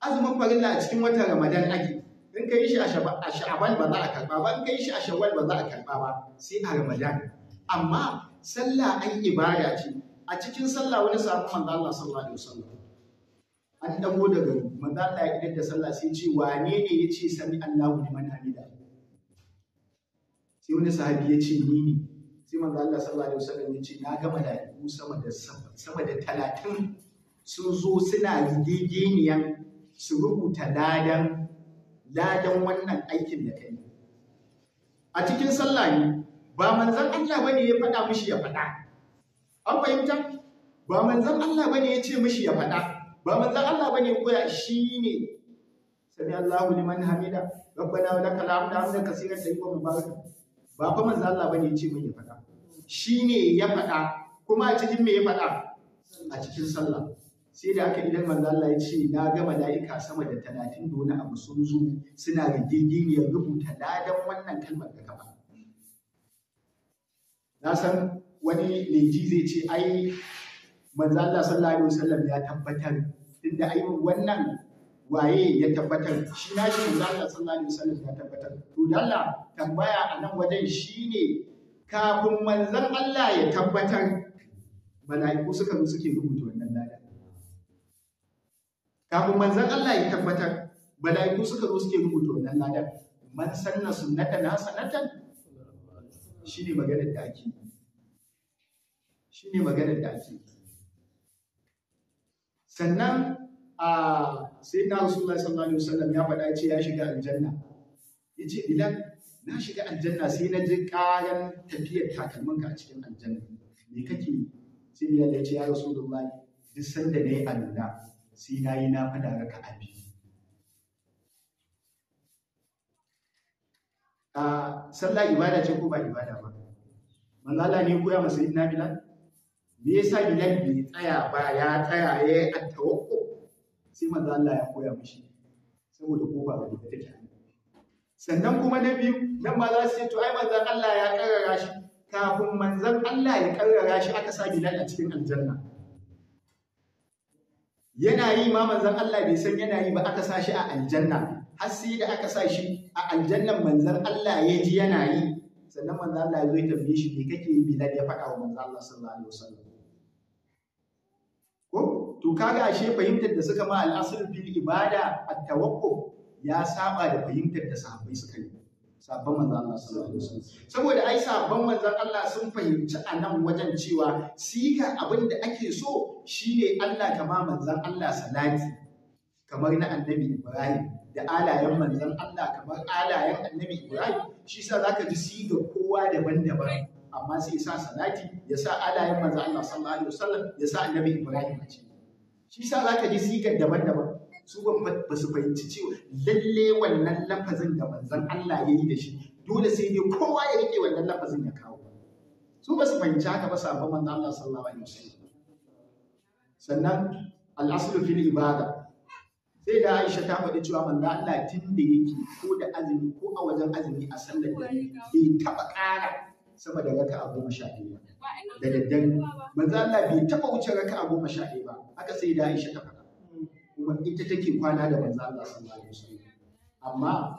azumin farilla a cikin watan ramadan ake in kai shi a sha'aban ba za a karba ba in kai shi a shawwal ba za a karba ba sai a ramadan amma sallah ai ibada ce a cikin sallah wani sabon manzo Allah sallallahu alaihi wasallam an dago gari, manzo Allah ya idan da sallah sai ce wane ne yace sami Allahu liman hamida sai wani sahabi ya ce ni ne sai manzo Allah sallallahu alaihi wasallam ya ce na ga malaiku sama da sama da 30 sun zo suna rigegeniyan su rubuta ladan ladan wannan aikin da kai a cikin sallah ne ba manzon Allah bane ya faɗa mishi ya faɗa an fahimta ba manzon Allah bane ya ce mishi ya faɗa ba manzan Allah bane koya Shi ne sami Allahu liman hamida rabbana wa lakal hamdu hamdan kaseeran tayyiban mubarakan ba fa manzan Allah bane ce mun ya faɗa ne ya faɗa kuma a cikin me ya faɗa a cikin sallah sai da aka idan manzan Allah ya ce na ga mala'ika sama da talatin da wani abu sun zo suna ya rubuta ladan wannan kalmar da kafa na san wani leji zai ce ai manzo Allah sallallahu alaihi wasallam ya tabbatar inda ai wannan waye ya tabbatar shi na shi manzo Allah sallallahu alaihi wasallam ya tabbatar to dalla tambaya a nan wajen shine kafin manzon Allah ya tabbatar mala'iku suka zo suke rubuta wannan lada kafin manzon Allah ya tabbatar mala'iku suka zo suke rubuta wannan lada man sanna sunnata na sanatan shine maganar da ake shine maganar da ake sannan a sayyidina rasulullah sallallahu alaihi wasallam ya faɗa ce ya shiga aljanna yace idan na shiga aljanna sai na ji kayan tafiyar ka a cikin aljanna me kake sai ya ce ya rasulullah duk sanda nayi alula sai na yi na fada raka abi a sallah ibada ce ko ba ibada ba manzala ne koya masa sayyidina bilal me yasa Bilal bai tsaya ba ya tsaya ya yi tawakko sai manzo Allah ya koya mishi saboda kofa ba ta take sannan kuma na biyu nan ma za su ce to ai manzo Allah ya karrara shi kafin manzo Allah ya karrara shi aka sa Bilal a cikin aljanna yana yi ma manzo Allah bai san yana yi ba aka sa shi a aljanna har sai da aka sa shi a aljannan manzon Allah ya ji yana yi sannan manzon Allah ya zo ya tambaye shi me kake yi Bilal ya faɗa wa manzon Allah sallallahu alaihi wasallam to kaga ashe fahimtar da suka ma al'asr fil ibada at-tawakkuf ya saba da fahimtar da sahabbai suka yi sabban manzo Allah sallallahu alaihi wasallam saboda ai sabban manzo Allah sun fahimci a nan wajen cewa sika abin da ake so shine Allah kama manzo Allah salati kamar na annabi Ibrahim da alayen manzan Allah kamar alayen annabi Ibrahim shi sa zaka ji siga kowa daban-daban amma sai ya sa salati ya sa alayen manzan Allah sallallahu alaihi wasallam ya sa annabi Ibrahim a ciki shi sa za ka ji sigar daban-daban su ba su fahimci cewa lalle wannan lafazin da manzon Allah ya yi da shi dole sai dai kowa ya rike wannan lafazin ya kawo su ba su fahimci haka ba sabon manzon Allah sallallahu alaihi wasallam sannan al-aslu fil ibada sai da Aisha ta faɗi cewa manzo Allah tun da yake ko da azumi ko a wajen azumi a sallar da bai taɓa ƙara sama da raka'a goma sha ɗaya da daddare manzo Allah bai taɓa wuce raka'a goma sha ɗaya ba aka sai da Aisha ta faɗa kuma ita take kwana da manzo Allah sallallahu alaihi wasallam amma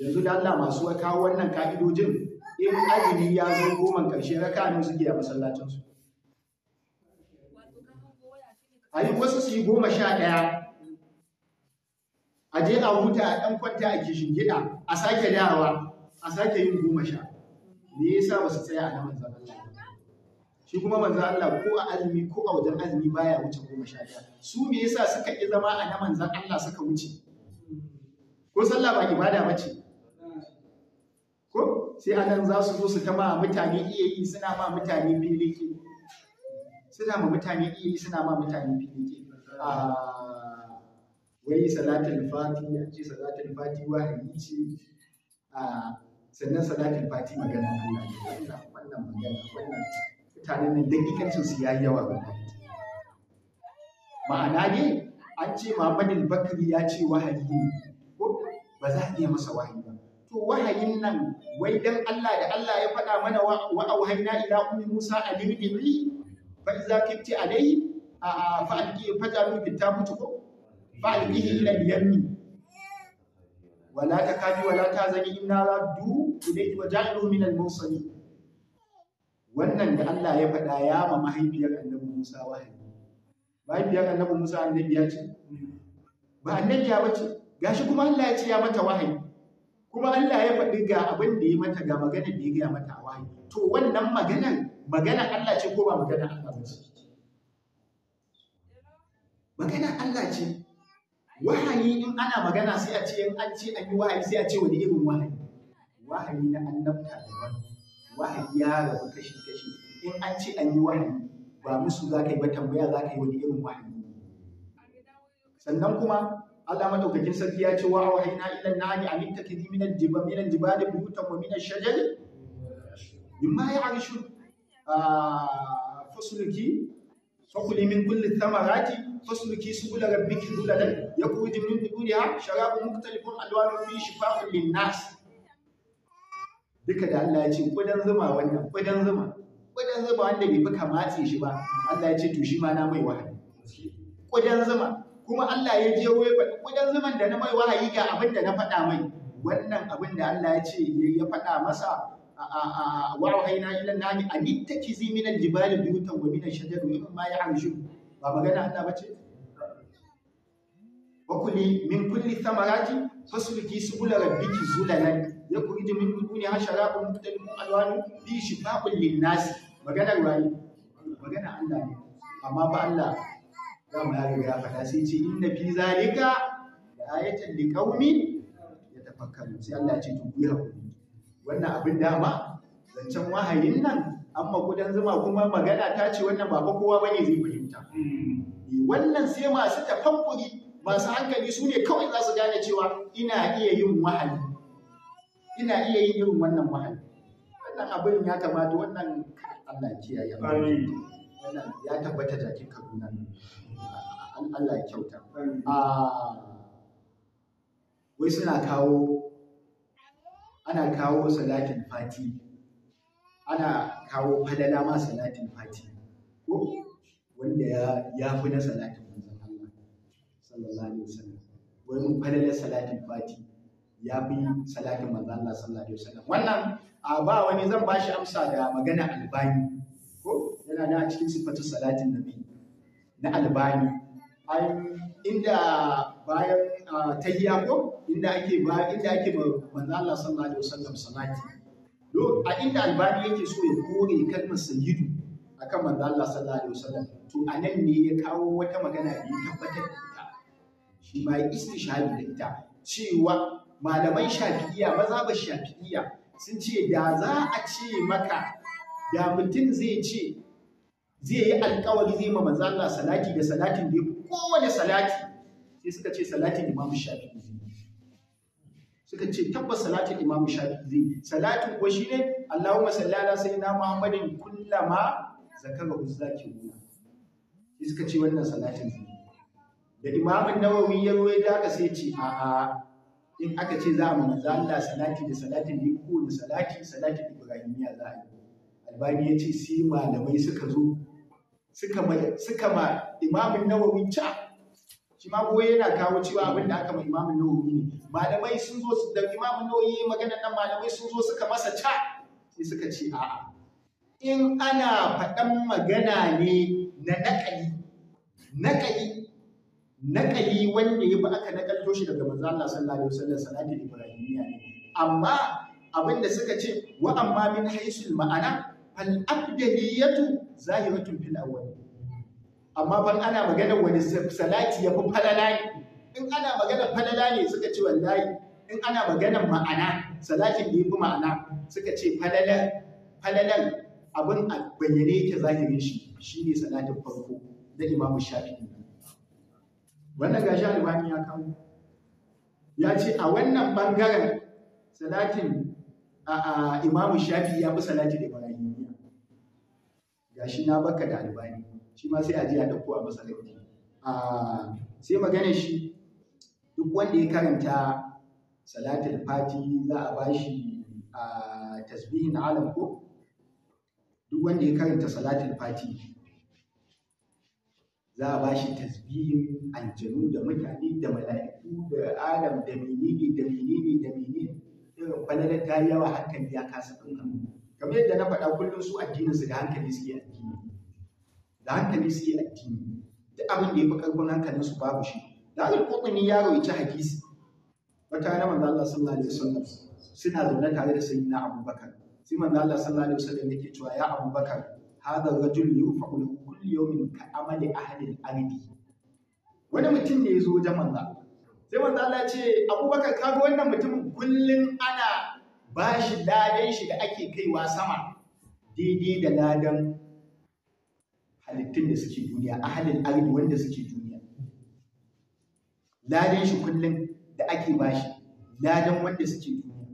yanzu da Allah masu kawo wannan ka'idojin in azumi ya zo goman karshe raka'a ne suke a masallacin su a yi wasu su yi goma sha ɗaya a je a huta a ɗan kwanta a kishin gida a sake dawa a sake yin goma sha me yasa ba su tsaya a naman ba? shi kuma manzo Allah ko a azumi ko a wajen azumi baya wuce goma sha ɗaya su me yasa suka ƙi zama a nan manzon Allah suka wuce ko sallah ba ibada ba ce ko sai a nan za su zo su ta ma mutane iya yi suna ma mutane biliki suna ma mutane iya yi suna ma mutane biliki ah, wai salatul fati a ce salatul fati wa ce a ah, sannan salatin fati magana Allah ne wannan wannan magana wannan mutanen da dakikancin su yayi yawa ba. ma'ana ne an ce Muhammadu Bakri ya ce wahayi ne ko ba za a iya masa wahayi ba to wahayin nan wai dan Allah da Allah ya faɗa mana wa auhayna ila ummi Musa alim ibri fa iza kibti alayhi fa alqi ta mutu ko fa alqihi ila yammi wala takafi wala tazani ان raddu ilayki wa ja'iluhu min al wannan da Allah ya faɗa ya ma mahaifiyar annabi Musa wahayi mahaifiyar annabi Musa annabi ya ce ba annabi ya bace gashi kuma Allah ya ce ya mata wahayi kuma Allah ya faɗi ga abin da ya mata ga magana da ya gaya mata wahayi to wannan magana magana Allah ce ko ba magana Allah ba ce magana Allah ce wahayi in ana magana sai a ce in an ce an yi wahayi sai a ce wani irin wahayi wahayi na annabta daban wahayi ya rabu kashi kashi in an ce an yi wahayi ba musu za ka yi ba tambaya za ka yi wani irin wahayi sannan kuma Allah madaukakin sarki ya ce wa na ila nani an ittakidi min al-jibal min al-jibal buhutan wa min ash-shajar mimma ya'rishun ah, fasulki fakuli min kulli thamarati فاسلكي سبل ربك ذللا يخرج من بطونها شراب مختلف الوانه فيه شفاء للناس duka da Allah ya ce kudan zuma wannan kudan zuma kudan zuma wanda bai fi kamace shi ba Allah ya ce to shi ma na mai wahayi kudan zuma kuma Allah ya je wai faɗi kudan zuman da na mai wahayi ga abin da na faɗa mai wannan abin da Allah ya ce ya faɗa masa wa wahaina ila nani an ittakizi min aljibali buyutan wa min ashjari wa mimma ya'rujun ba magana Allah ba ce wakuli min kulli thamarati fasluki subula rabbiki zulalan yakhruju min butuni hasharatu mukhtalifun alwanu fi shifaa'un linnas maganar wani magana Allah ne amma ba Allah za mu ya riga ya faɗa sai ce inna fi zalika ayatan li qaumi yatafakkaru sai Allah ce to buya. wannan abin dama zancen wahayin nan amma gudan zuma kuma magana ta ce wannan ba kowa bane zai ita. wannan sai masu tafakkuri masu hankali su ne kawai za su gane cewa ina iya yin wahali ina iya yin irin wannan wahali wannan abin ya kamata wannan Allah kiyaye ya wannan ya tabbata jakin Kaduna an Allah ya kyauta a ah, wai suna kawo ana kawo salatin fati ana kawo falala ma salatin fati wanda ya ya fi na salatin manzon Allah sallallahu alaihi wasallam wai mun da salatin fati ya fi salatin manzon Allah sallallahu alaihi wasallam wannan a ba wani zan bashi amsa da magana albani ko yana da cikin sifatu salatin nabi na albani ai inda bayan tahiyya ko inda ake ba inda ake manzon Allah sallallahu alaihi wasallam salati Do a inda albani yake so ya kore kalmar sayyidu akan manzo Allah sallallahu alaihi wasallam to anan ne ya kawo wata magana da ya tabbatar da ita shi ma ya istishhadi da ita cewa malaman shafi'iyya ba shafi'iyya sun ce da za a ce maka da mutum zai ce zai yi alkawari zai ma manzo Allah salati da salatin da kowane salati sai suka ce salatin Imam Shafi'i suka ce tabbas salatin Imam Shafi'i salatin ko shine Allahumma salli ala sayyidina Muhammadin kullama ki uzzakiruna sai suka ce wannan salatin da imamin nawawi ya ruwaye da aka sai ce a'a in aka ce za a mu manzo Allah salati da salatin ne ko da salati salatin ibrahimiya za a yi albani ya ce sai malamai suka zo suka ma suka ma imamin nawawi ta shi ma goye yana kawo cewa abin da aka ma imamin nawawi ne malamai sun zo da imamin nawawi magana nan malamai sun zo suka masa ta sai suka ce a'a in ana faɗan magana ne na naƙali naƙali naƙali wanda ya aka naƙalto shi daga manzo Allah sallallahu alaihi wasallam salatu ibrahimiyya ne amma abin da suka ce wa amma min haisul ma'ana fal abdaliyatu zahiratun fil awwal amma ban ana magana wani salati ya fi falala ne in ana magana falala ne suka ce wallahi in ana magana ma'ana salatin da ya fi ma'ana suka ce falala falalan abin a bayyane yake zahirin shi shine salatin farko na imamu wanda wannan gashi albani ya kawo ya ce a wannan bangaren salatin a imamu Shafi ya fi salati da ga gashi na baka da albani shi ma sai a ji a ɗauko a masallaci sai magana shi duk wanda ya karanta salatin fati za a bashi tasbihin alam ko duk wanda ya karanta salatul fati za a bashi tasbihin aljanu da mutane da mala'iku da adam da menene da menene da menene irin falalar ta yawa hankali ya kasa ɗaukan kamar yadda na faɗa kullum su addinin su da hankali su yi addini da hankali su yi addini duk abin da ya fi ƙarfin hankalin su babu shi da alƙuɗin yaro ya ci hakisi wata rana manzo Allah sallallahu alaihi wasallam suna zaune tare da sayyidina Abubakar sai manzo Allah sallallahu alaihi wasallam yake cewa ya abu Bakar hada rajul yurfa'u lahu kullu yawmin ka amali ahli al-ardi wani mutum ne ya zo wajen manzo sai manzo Allah ya ce Abubakar kaga wannan mutum kullun ana bashi ladan shi da ake kaiwa sama daidai da ladan halittun da suke duniya ahalin ardi wanda suke duniya ladan shi kullun da ake bashi ladan wanda suke duniya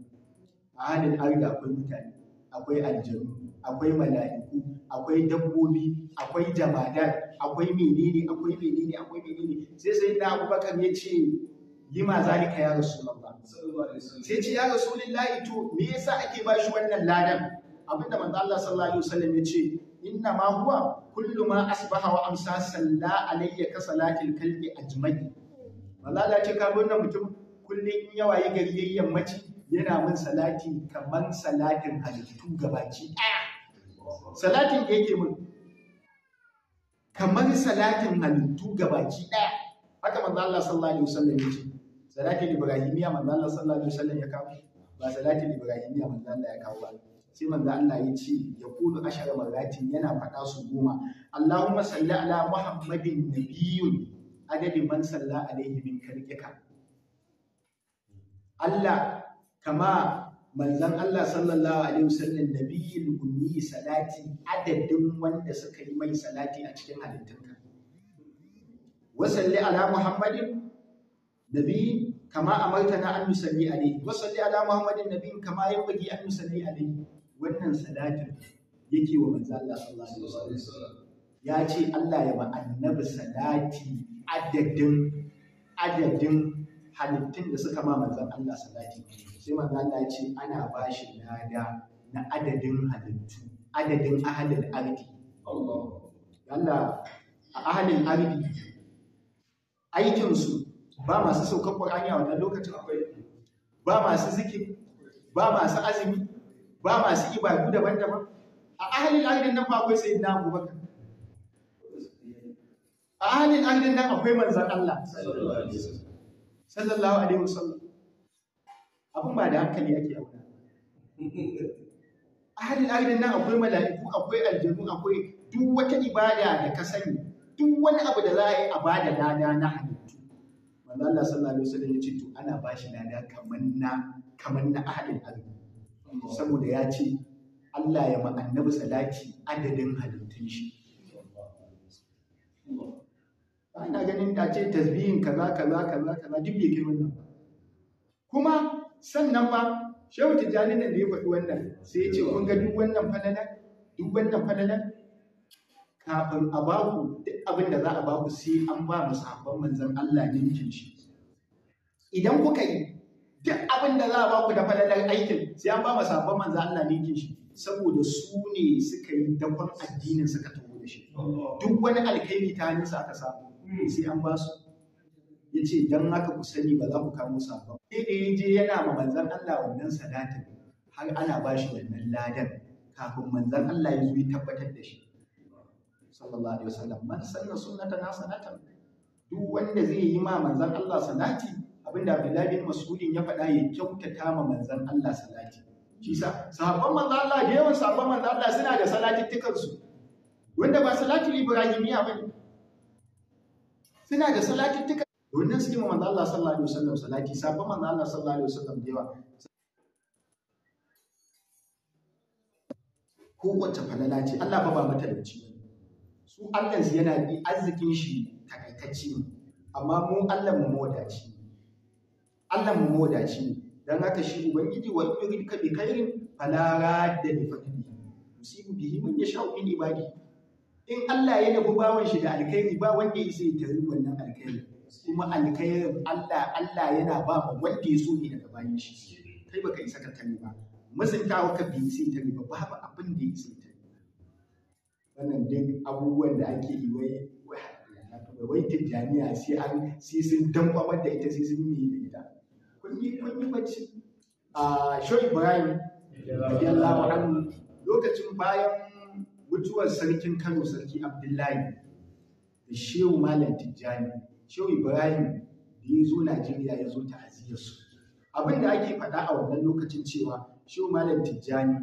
ahalin ardi akwai mutane akwai aljanu akwai mala'iku akwai dabbobi akwai jamadan akwai menene akwai menene akwai menene sai sai na abubakar ya ce ma zalika ya rasulullah sai ce ya rasulullah to me yasa ake bashi wannan ladan abinda manzo Allah sallallahu alaihi wasallam ya ce inna ma huwa kullu ma asbaha wa amsa salla alayya ka salatil kalbi ajmai wallahi ka ga wannan mutum kullun in yawa ya gari yammaci yana min salati kamar salatin halittu gabaci ɗaya salatin da yake min kamar salatin halittu gabaci ɗaya haka manzo Allah sallallahu alaihi wasallam yace salatin ibrahimiya manzo Allah sallallahu alaihi wasallam ya kawo ba salatin ibrahimiya manzo Allah ya kawo ba sai manzo Allah ya ce ya kudu ashara maratin yana faɗa su goma Allahumma salli ala Muhammadin nabiyyun adadin man salla alaihi min kalkika Allah kama Manzan Allah sallallahu alaihi wasallam nabiyil ummi salati adadin wanda suka yi mai salati a cikin halittunka wasalli ala muhammadin nabi kama amartana an nusalli alaihi wasalli ala muhammadin nabi kama yanbaghi an nusalli alaihi wannan salatin yake wa Manzan Allah sallallahu alaihi wasallam ya ce Allah ya ba annabi salati adadin adadin halittun da suka ma manzan Allah salati sai manzan Allah ya ce ana ba shi lada na adadin halittu adadin ahalin ardi Allah a ahalin ardi aikinsu ba masu saukar ƙwarani a wannan lokacin akwai ba masu zikir ba masu azumi ba masu ibadu daban-daban a ahalin ardin nan ba akwai sai na abubakar a ahalin ardin nan akwai manzan Allah sallallahu alaihi wasallam abun ba da hankali ake auna hadin ahalin nan akwai mala'iku akwai aljanu akwai duk wata ibada da ka sani duk wani abu da za a yi a bada lada na halittu manzo Allah sallallahu alaihi wasallam ya ce to ana ba shi lada kamar na kamar na ahadin saboda ya ce Allah ya ma annabi salati adadin halittun shi Ana ganin da ce tasbihin kaza kaza kaza kaza duk bai kai wannan ba kuma sannan ba shehu tijani da ya faɗi wannan sai ya ce kun ga duk wannan falalan duk wannan falalan kafin a ba ku duk abin da za a ba ku sai an ba mu sahabban manzon Allah yankin shi idan kuka yi duk abin da za a ba ku da falalan aikin sai an ba mu sahabban manzon Allah yankin shi saboda su ne suka yi dakon addinin suka taho da shi duk wani alkhairi ta nisa aka samu sai an ba su ya ce don haka ku sani ba za ku kamo sabon sai da ya je yana ma manzan Allah wannan salatin har ana ba shi wannan ladan kafin manzan Allah ya zo ya tabbatar da shi sallallahu alaihi wasallam man sanna na sanatan duk wanda zai yi ma manzan Allah salati abinda Abdullahi bin Mas'udin ya faɗa ya kyautata ma manzan Allah salati shi sa sahabban manzan Allah da yawan sahabban manzan Allah suna da tukan su wanda ba salatul Ibrahimiyya bane suna da salatittuka domin su yi wa manzo Allah sallallahu alaihi wasallam salati sabon manzo Allah sallallahu alaihi wasallam da yawa wacce falala ce Allah ba ba ci. su Allah yana bi arzikin shi takaitacce ne amma mu Allah mu modaci Allah mu modaci ne dan haka shi ubangiji wa yurid ka bi khairin fala radda li fadli yusibu bihi man yasha'u min ibadihi in Allah ya nufi bawan shi da alkhairi ba wanda ya sai tari wannan alkhairi kuma alkhairin Allah Allah yana ba ma wanda ya so ne daga bayan shi kai baka isa ka tani ba mazintawa ka bi sai ta ba babu abin da ya sai wannan duk abubuwan da ake yi wai wai tijjaniya sai an sai sun dankwamar da ita sai sun yi da ita kun yi kun yi bacci a ah, shoyi Ibrahim lokacin bayan mutuwar sarkin Kano sarki Abdullahi da Shehu Malam Tijjani, Shehu Ibrahim da ya zo Najeriya ya zo ta'aziyarsu. su. Abin ake faɗa a wannan lokacin cewa Shehu Malam Tijjani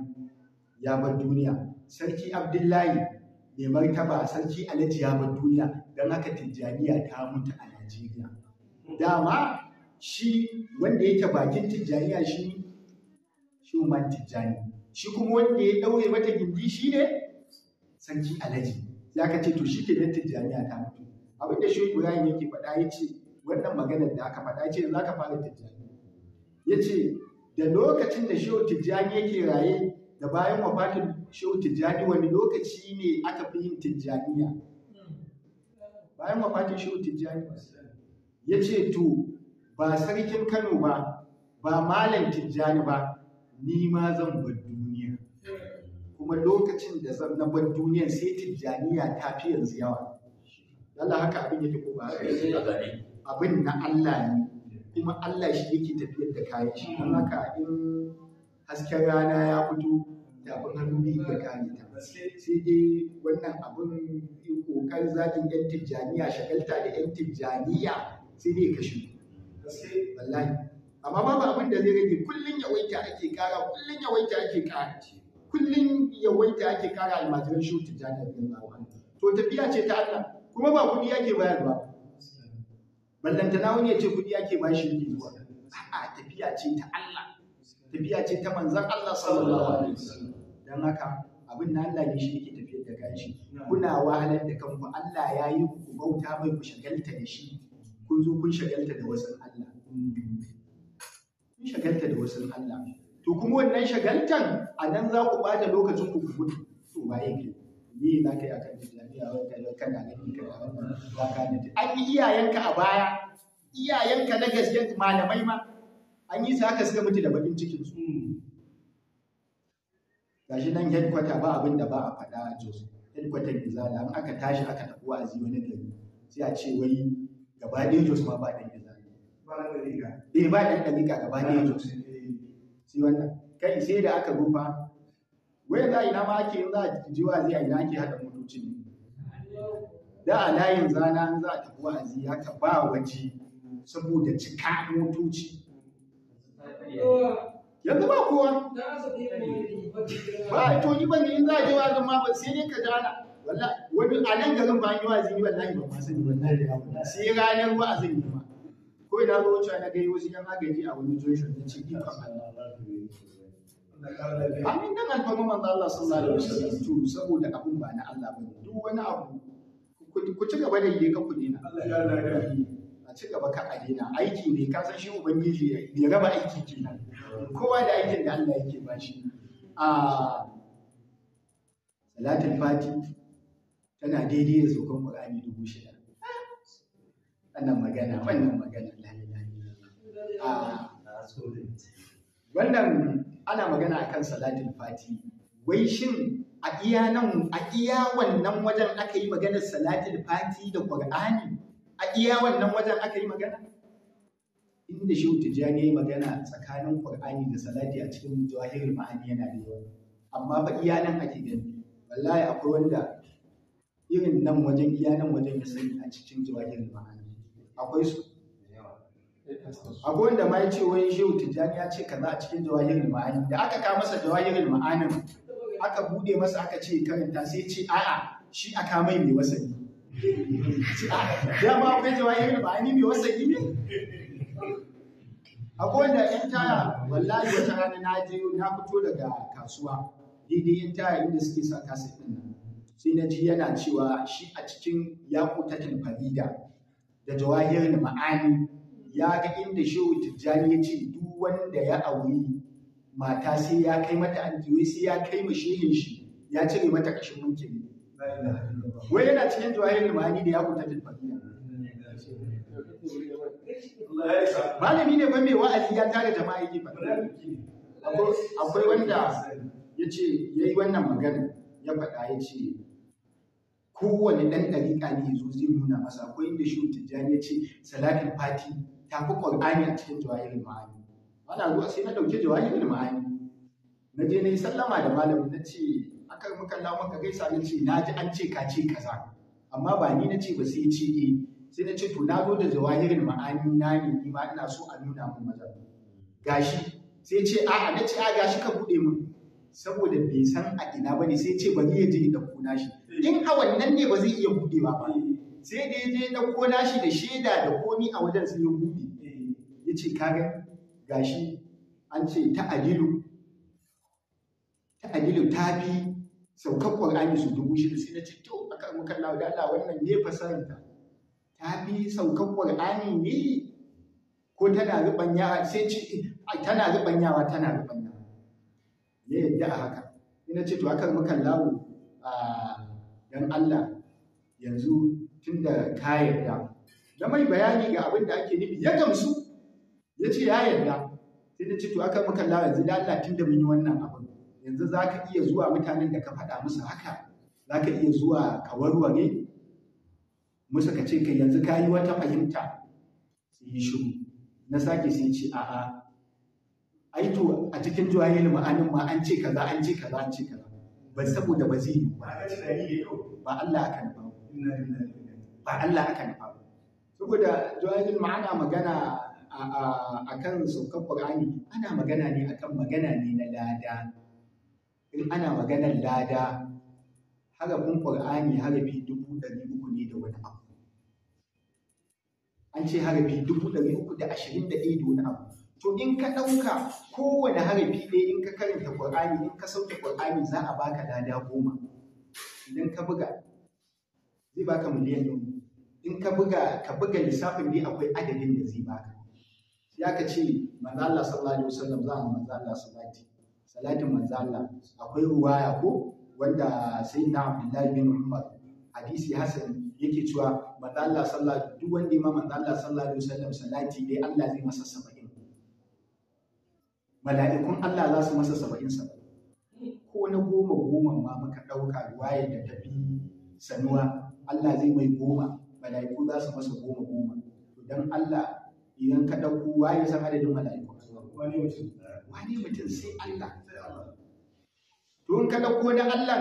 ya bar duniya, sarki Abdullahi mai martaba sarki Alhaji ya bar duniya don haka Tijjaniya ta mutu a Najeriya. Dama shi wanda yake bakin Tijjaniya shi Shehu Malam Tijjani. Shi kuma wanda ya ɗaure mata gindi shi ne sarki alaji ya ka ce to shi ke nan tijjaniya ta mutu abin da shehu ibrahim yake faɗa ya ce wannan maganar da aka faɗa ce za ka fara tijjani ya ce da lokacin da shi tijjani yake raye da bayan wafatin shi tijjani wani lokaci ne aka fi yin tijjaniya bayan wafatin shi tijjani ya ce to ba sarkin kano ba ba malam tijjani ba ni ma zan bar duniya kuma lokacin da zan na bar duniyan sai tijjaniya ta fi yanzu yawa Allah haka abin yake ko ba abin na Allah ne kuma Allah shi yake tafiyar da kayan shi don haka in hasken rana ya fito da abin hannu ne ga gane ta sai dai wannan abin kokarin zagin yan tijjaniya shagalta da yan tijjaniya sai dai kashe wallahi amma babu abin da zai rage kullun yawaita ake kara kullun yawaita ake kara kullum yawaita ake kare almajiran shehu tijjani radiyallahu anhu to tafiya ce ta Allah kuma ba kuɗi ake bayarwa na wani ya ce kuɗi ake ba shi ne, ba. a'a tafiya ce ta Allah tafiya ce ta manzon Allah sallallahu alaihi wasallam dan haka abin da Allah ne shi yake tafiyar da gashi, kuna wahalar da kanku Allah ya yi ku bauta mai ku shagalta da shi kun zo kun shagalta da wasan Allah kun shagalta da wasan Allah to kuma wannan shagaltan a nan za ku bata lokacin ku gudu to ba yake ni za ka yi akan islamiyya wata yau kana gani ka da wannan za ka nati an yi iyayenka a baya iyayenka na gaske malamai ma an yi saka suka mutu da bakin cikin su gashi nan headquarter ba abin da ba a faɗa jos headquarter izala an aka tashi aka tafi wa'azi wani gari sai a ce wai gaba ɗaya jos ma ba ɗan izala eh ba ɗan ɗabiƙa gaba ɗaya jos shi wannan kai sai da aka rufa wai za ina ma ake za a ji wazi a ina ake haɗa motocin ne da a layin zana in za a tafi wazi haka ba waje saboda cika motoci yanzu ba kowa ba to yi ba ne in za a je wazin ma ba sai ne ka jana wani a nan garin ba an yi wazi yi ba ma sani wallahi sai ranar wa'azin ne ko ina ga wuce na gari wasu yan agaji a wani junction din ce ikon Allah amin dan alfama manzo Allah sallallahu alaihi wasallam to saboda abun ba na Allah ba. duk wani abu ku ci gaba da yi ka ku dina a ci gaba ka adina aiki ne ka san shi ubangiji ya raba aiki kenan kowa da aikin da Allah yake bashi a salatul fati tana daidai da zokan Qur'ani dubu shida wannan magana wannan magana wannan ana magana akan salatin fati wai shin a iya nan a iya wannan wajen aka yi maganar salatin fati da qur'ani a iya wannan wajen aka yi magana inda shehu tijjani ya yi magana tsakanin qur'ani da salati a cikin jawahirul ma'ani yana da yawa amma ba iya nan ake gani wallahi akwai wanda irin nan wajen iya nan wajen ya sani a cikin jawahirul ma'ani akwai su abuwan wanda ma ya ce wani shehu tijjani ya ce kaza a cikin jawahirin ma'ani da aka kawo masa jawahirin ma'anin aka bude masa aka ce karanta sai ce a'a shi a kamai mai yi ya ma akwai jawahirin ma'ani mai yi ne akwai wanda yan taya wallahi wata rana na je na fito daga kasuwa daidai yan taya inda suke sa kasa ɗin nan sai na ji yana cewa shi a cikin yakutatul farida da jawahir ma'ani ya ga inda shehu tijjani ya ce duk wanda ya auri mata sai ya kai mata antiwe sai ya kai ma shehin shi ya cire mata kashin mulkin wai yana cikin jawahir ma'ani da ya kuta tilfafiya malami ne ba mai wa'azi ya tare jama'a yake akwai wanda ya ce ya yi wannan magana ya faɗa ya ce kowane ɗan ɗariƙa ne zo zai nuna masa akwai inda shi tijjani ya ce salatin fati ta fi ƙur'ani a cikin jawahirin ma'ani ana ruwa sai na ɗauki jawahirin ma'ani na je na yi sallama da malamin na ce aka muka lawo maka gaisa na ce na ji an ce ka ce kaza amma ba ni na ce ba sai ce eh sai na ce to na zo da jawahirin ma'ani na ne ni ma ina so a nuna min maza gashi sai ce a'a na ce a gashi ka buɗe mun. saboda bai san a ina ba ne sai ce bari ya je ya ɗauko nashi in a wannan ne ba zai iya budewa ba sai da ya je da ko shi da shaida da komi a wajen sun ya bude ya ce kaga gashi an ce ta'adilu ta'adilu ta fi saukar ƙwar'ani su dubu shida sai na ce to a muka lawa da Allah wannan ne fasaranta ta fi saukar ƙwar'ani ne ko tana rubanyawa sai ce tana rubanyawa tana rubanyawa ya yadda a haka ina ce to kan muka lawo a ah, don Allah yanzu tun da ka yarda da mai bayani ga abin da ake nufi ya gamsu ya ce ya yarda sai da to aka maka la yanzu da Allah tun da mun yi wannan abin yanzu za ka iya zuwa mutanen da ka faɗa musu haka za ka iya zuwa ka warware musu ka ce ka yanzu ka yi wata fahimta su yi shiru na sake sai ce a'a ai to a cikin jawahirul ma'anin ma an ce kaza an ce kaza an ce kaza ba saboda ba zai yi ba ba Allah aka nufa ba Allah aka nufa saboda jawabin ma'ana magana a kan saukar Qur'ani ana magana ne akan magana ne na lada in ana maganar lada harafin Qur'ani harafi dubu ɗari uku ne da wani abu an ce harafi dubu ɗari uku da ashirin da ɗaya da wani abu to in ka ɗauka kowane harafi ɗaya in ka karanta Qur'ani in ka sauke Qur'ani za a baka dada goma idan ka buga zai baka miliyan ɗin in ka buga ka buga lissafin ne akwai adadin da zai baka ya ka ce manzo Allah sallallahu alaihi wasallam za a manzo Allah salati salatin manzo Allah akwai ruwaya ko wanda sayyidina Abdullahi bin Umar hadisi hasan yake cewa manzo Allah sallallahu duk wanda ya manzo Allah sallallahu alaihi wasallam salati dai Allah zai masa sabai mala'ikun Allah za su masa saba'in saba'in ko na goma goma ma maka ɗauka ruwayar da tafi sanuwa Allah zai mai goma mala'iku za su masa goma goma don Allah idan ka ɗauko waye san adadin mala'iku wani mutum mutum sai Allah to in ka ɗauko da Allah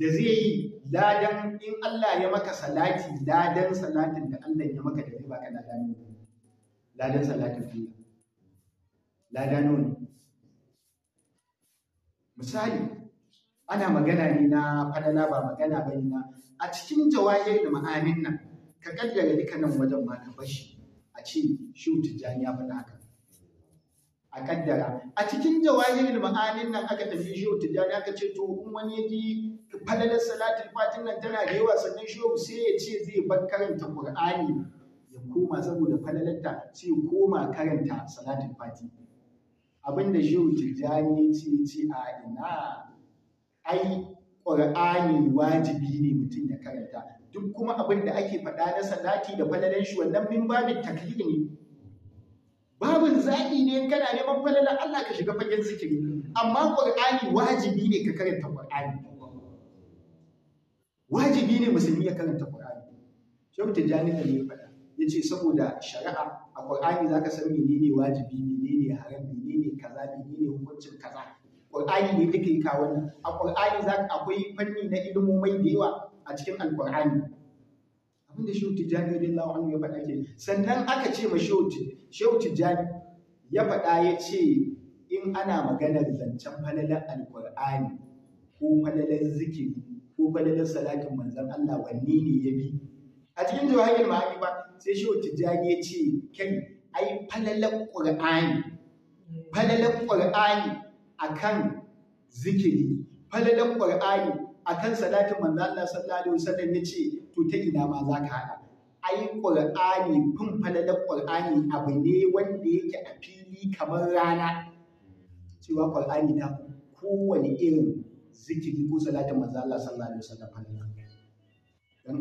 da zai yi ladan in Allah ya maka salati ladan salatin da Allah ya maka da zai baka ladan ladan salatin Allah ladan nawa ne misali ana magana ne na fadala ba magana ba na a cikin jawahir da ma'anin nan ka kaddara dukkanin wajen ma ka bashi a ce shi tijjani ya faɗa haka a kaddara a cikin jawahir da ma'anin nan aka tafi shi tijjani aka ce to in wani ya ji falalar salatin fatin nan tana da yawa sannan shi sai ya ce zai bar karanta qur'ani ya koma saboda falalarta sai ya koma karanta salatin fatin. abinda jiwu tijjani ce ce a ina ai ƙur'ani wajibi ne mutum ya karanta duk kuma abin da ake faɗa na salati da falalan shi wannan min babin taklifi ne babin zaɓi ne kana neman falalan Allah ka shiga fagen zikiri amma ƙur'ani wajibi ne ka karanta ƙur'ani wajibi ne musulmi ya karanta ƙur'ani shehu tijjani ne ya faɗa yace saboda shari'a a Qur'ani zaka san menene wajibi menene haram menene kaza menene hukuncin kaza Qur'ani ne duka yi kawo a Qur'ani zaka akwai fanni na ilmomai da yawa a cikin Al-Qur'ani abin da Shehu Tijjani radiyallahu anhu ya faɗa ke sannan aka ce ma Shehu Tijjani ya faɗa ya ce in ana maganar zancen falalar Alƙur'ani ko falalar zikiri ko falalar salatin manzon Allah wanne ne ya bi a cikin jawahir ma'ani ba sai shi tijjani ya ce kai ai falalar ƙur'ani falalar ƙur'ani kan zikiri falalar ƙur'ani akan kan manzo Allah sallallahu alaihi wasallam ya ce to ta ina ma za ka haɗa ai ƙur'ani fin falalar ƙur'ani abu ne wanda yake a fili kamar rana cewa ƙur'ani ta kowane irin zikiri ko salatin manzo Allah sallallahu alaihi wasallam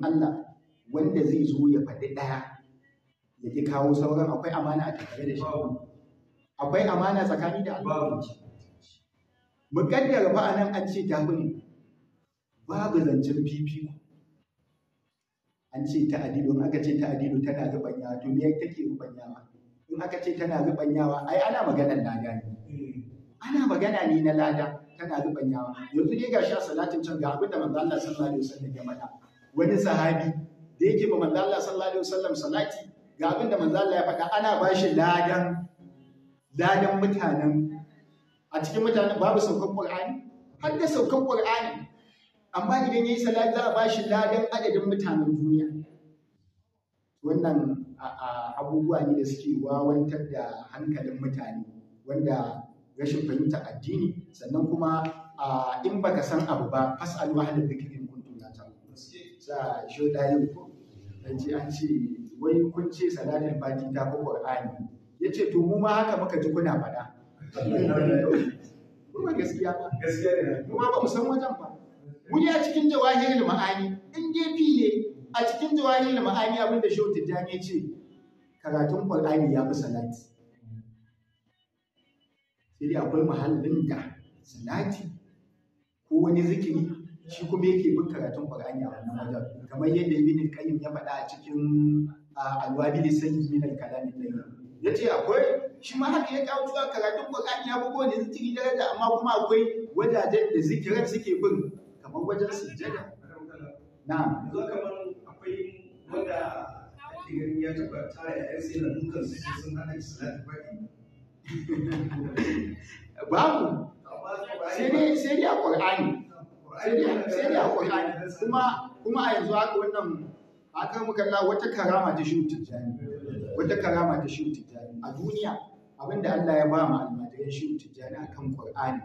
Allah wanda zai zo ya faɗi ɗaya ya ki kawo sauran akwai amana a tattare da shi akwai amana tsakani da Allah muƙaddara ba anan an ce ta ne babu zancen fifiko an ce ta adilu in aka ce ta adilu tana rubanyawa to me take rubanyawa in aka ce tana rubanyawa ai ana magana lada ne ana magana ne na lada tana rubanyawa yanzu dai ga sha salatin can ga abin da manzo Allah sallallahu alaihi wasallam ya faɗa wani sahabi da yake ma manzo Allah sallallahu alaihi wasallam salati ga abin da manzo Allah ya faɗa ana ba shi ladan ladan mutanen a cikin mutanen babu saukan Qur'ani har da saukan Qur'ani amma idan yayi salati za a ba shi ladan adadin mutanen duniya wannan abubuwa ne da suke wawantar da hankalin mutane wanda rashin fahimta addini sannan kuma in baka san abu ba fasalu ahlul dhikri in kuntum la ta'lamun sai shoda yin ko an ji an ce wai kun ce salatin fati ta ko qur'ani yace to mu ma haka muka ji kuna faɗa kuma gaskiya ba gaskiya ne kuma ba mu san wajen ba mu ya a cikin jawahirul ma'ani in dai fiye a cikin jawahirul ma'ani abin da shehu tijjani ce karatun qur'ani ya fi salati sai dai akwai mahallin da salati ko wani zikiri shi kuma yake bin karatun Qur'ani a wannan wajen kamar yadda Ibn Qayyim ya faɗa a cikin Al-Wabil Sayyid min al-Kalam Ya ce akwai shi ma haka ya kawo cewa karatun Qur'ani ya bugo ne zikiri daraja amma kuma akwai wajajen da zikirin suke bin kamar wajen sujjada na'am zo kamar akwai wanda ake ya taɓa tara ƴaƴan sai na dukan su sun hana su salatu Ba babu sai dai a Qur'ani sai dai hakuri kuma kuma a yanzu haka wannan haka muka la wata karama ta shehu tijjani wata karama ta shehu tijjani a duniya abinda Allah ya ba mu almajiran shehu tijjani akan Qur'ani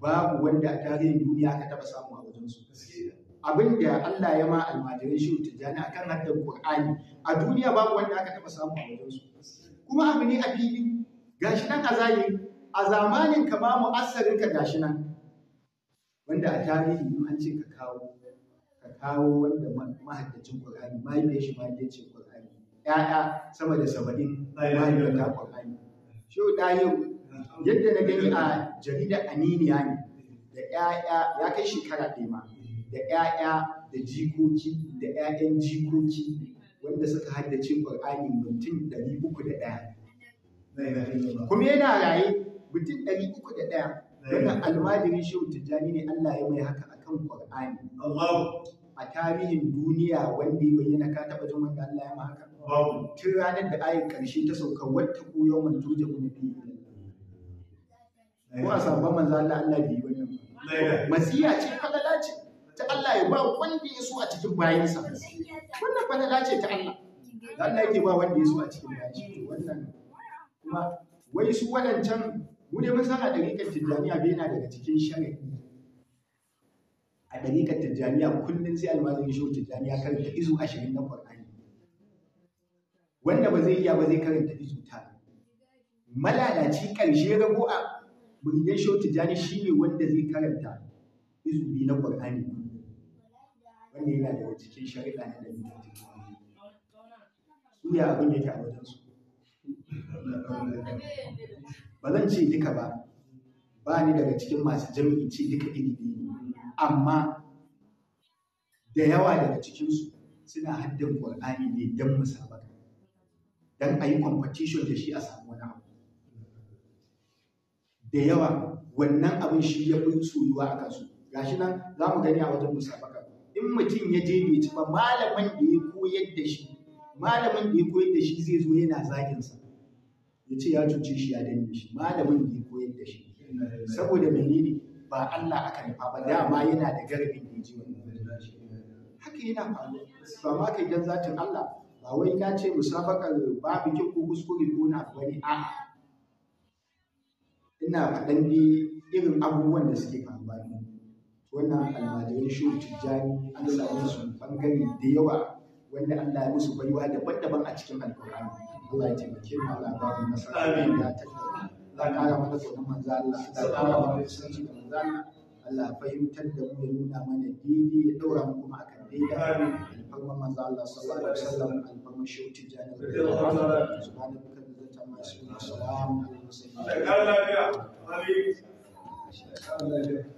babu wanda a tarihin duniya aka taba samu a wajen su abinda Allah ya ma almajiran shehu tijjani akan haddar Qur'ani a duniya babu wanda aka taba samu a wajen su kuma abu ne a fili gashi nan a zahiri a zamanin ka ma mu'assarin ka gashi nan wanda a tarihi in an ce ka kawo ka kawo wanda mahaddacin Qur'ani da shi mahaddacin Qur'ani ya'ya sama da saba'in mahaifiyar Qur'ani shi yau yadda na gani a jaridar Aminiya ne da 'ya'ya ya kai shekara ɗaya ma da 'ya'ya da jikoki da 'ya'yan jikoki wanda suka haddace Qur'ani mutum ɗari uku da ɗaya kuma yana raye mutum ɗari uku da ɗaya wannan almajirin shehu tijjani ne Allah ya mai haka akan Qur'ani a tarihin duniya wanda ya bayyana ka taɓa jin wanda Allah ya ma haka tun ranar da ayin karshe ta sauka wata ko yau man turja kun fi ko a sabon manzo Allah Allah bi wannan masiya ce falala ce ta Allah ya ba wanda ya so a cikin bayansa wannan falala ce ta Allah Allah yake ba wanda ya so a cikin bayansa wannan kuma wai su wadancan mu dai mun san a ɗariƙar tijjaniya bai yana daga cikin shari'a. a ɗariƙar tijjaniya kullum sai almazirin shehu tijjaniya karanta izu ashirin na ƙwar'ani wanda ba zai iya ba zai karanta izu ta malalaci ƙarshe rago a muridan shehu tijjani shi ne wanda zai karanta izu biyu na ƙwar'ani wanda yana daga cikin shari'a na ɗariƙar tijjaniya su ya abin yake a wajensu ba zan ce duka ba ba ni daga cikin masu jami'i ce duka iri ne amma da yawa daga cikinsu suna haddin ƙur'ani ne don musabaka don a yi competition da shi a samu wani abu da yawa wannan abin shi ya fi soyuwa a kansu gashi nan za mu gani a wajen musabaka in mutum ya je bai ci ba malamin da ya koyar da shi malamin da ya koyar da shi zai zo yana zagin sa ya ce ya cuci shi ya danne shi malamin ne koyar da shi saboda menene ba Allah aka nufa ba dama yana da garbin da ji haka yana faruwa ba ma kai dan zatin Allah ba wai ka ce musabakar babu kyau ko kuskure ko na wani a. ina faɗan bi irin abubuwan da suke faruwa ne wannan almajirin shi tijjani an samu su bangare da yawa wanda Allah ya musu baiwa daban-daban a cikin alkur'ani Allah ya taimake mu Allah ba mu nasara amin ya tabbata Allah kara mana tsoron manzo Allah Allah kara mana da manzo Allah Allah fahimtar da mu ya nuna mana daidai ya daura mu kuma akan daidai alfarman manzo Allah sallallahu alaihi wasallam alfarman shehu tijani subhanahu wa ta'ala assalamu alaikum Allah ya kara lafiya amin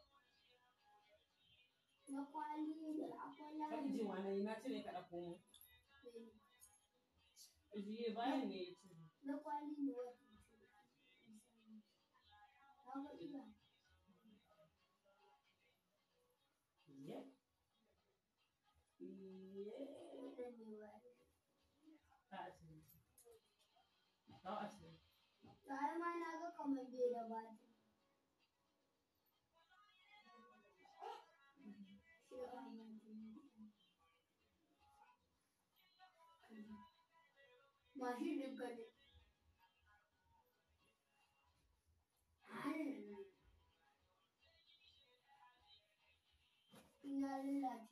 Rapidinho, Ana, assim. assim. e é mate ne kaɗa komo. Juye bayan ne ya ce. Na kwali ne wata. Na ga ila. Yeah. Yeah. Ta'a ce. Ta'a ce. Ta'a ma na ga kamar bai da bata. वहीं डूब गए थे अल्लाह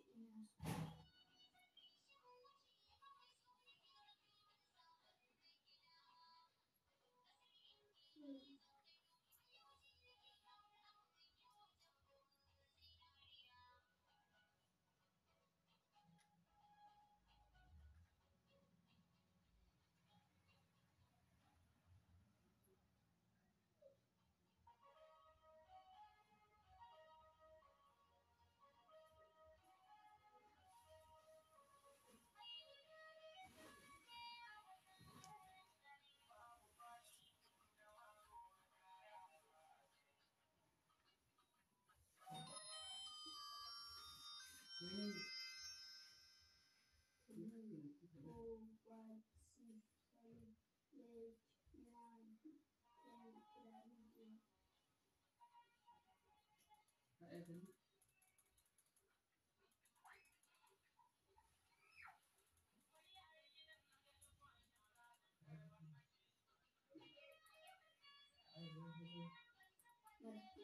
那，你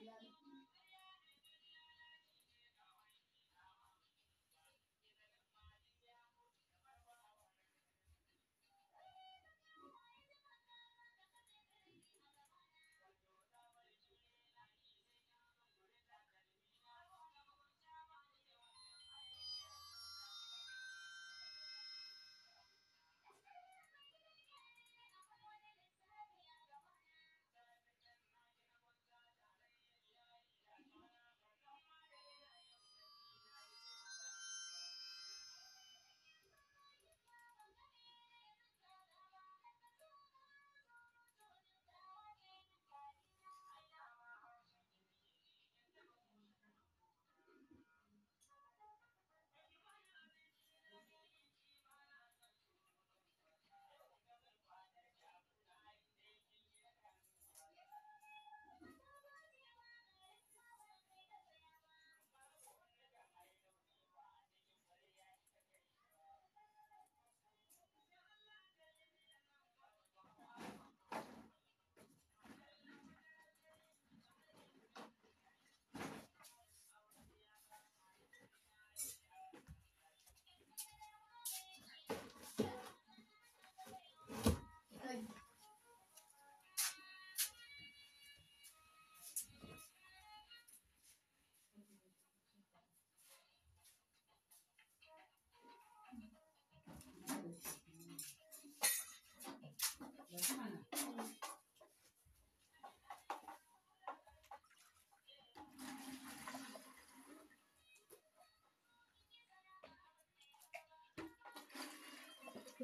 家的。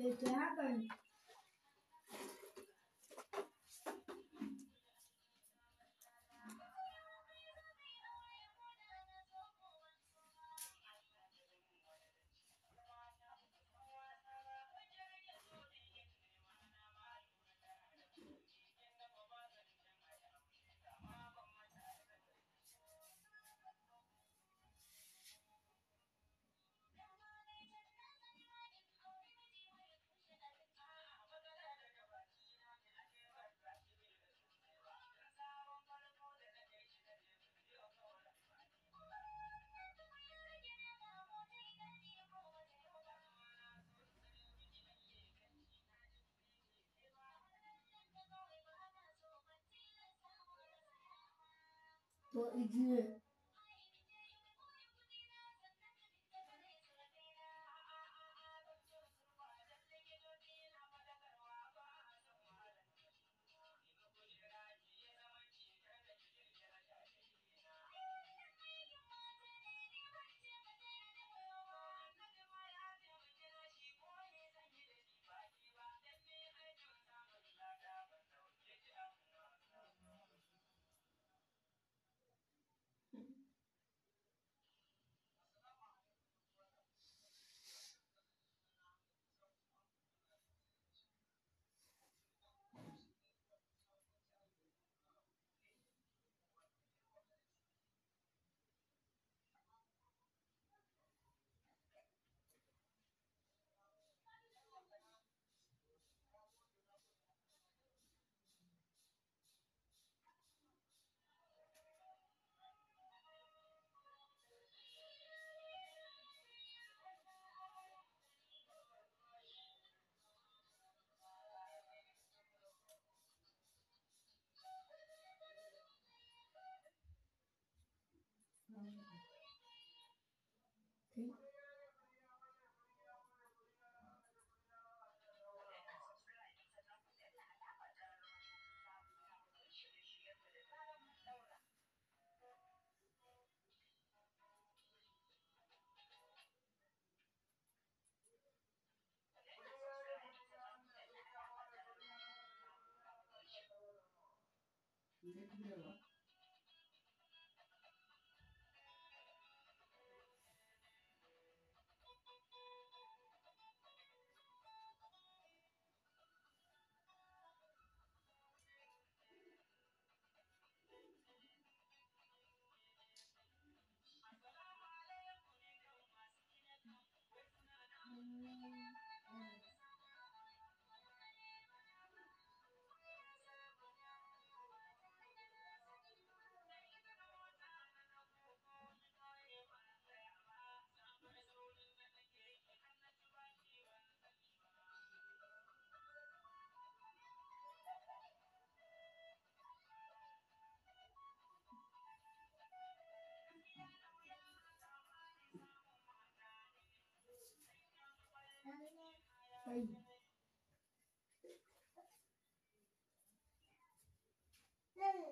对呀，哥。多一句。你别听这个。Aí. Hey.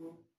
Uhum.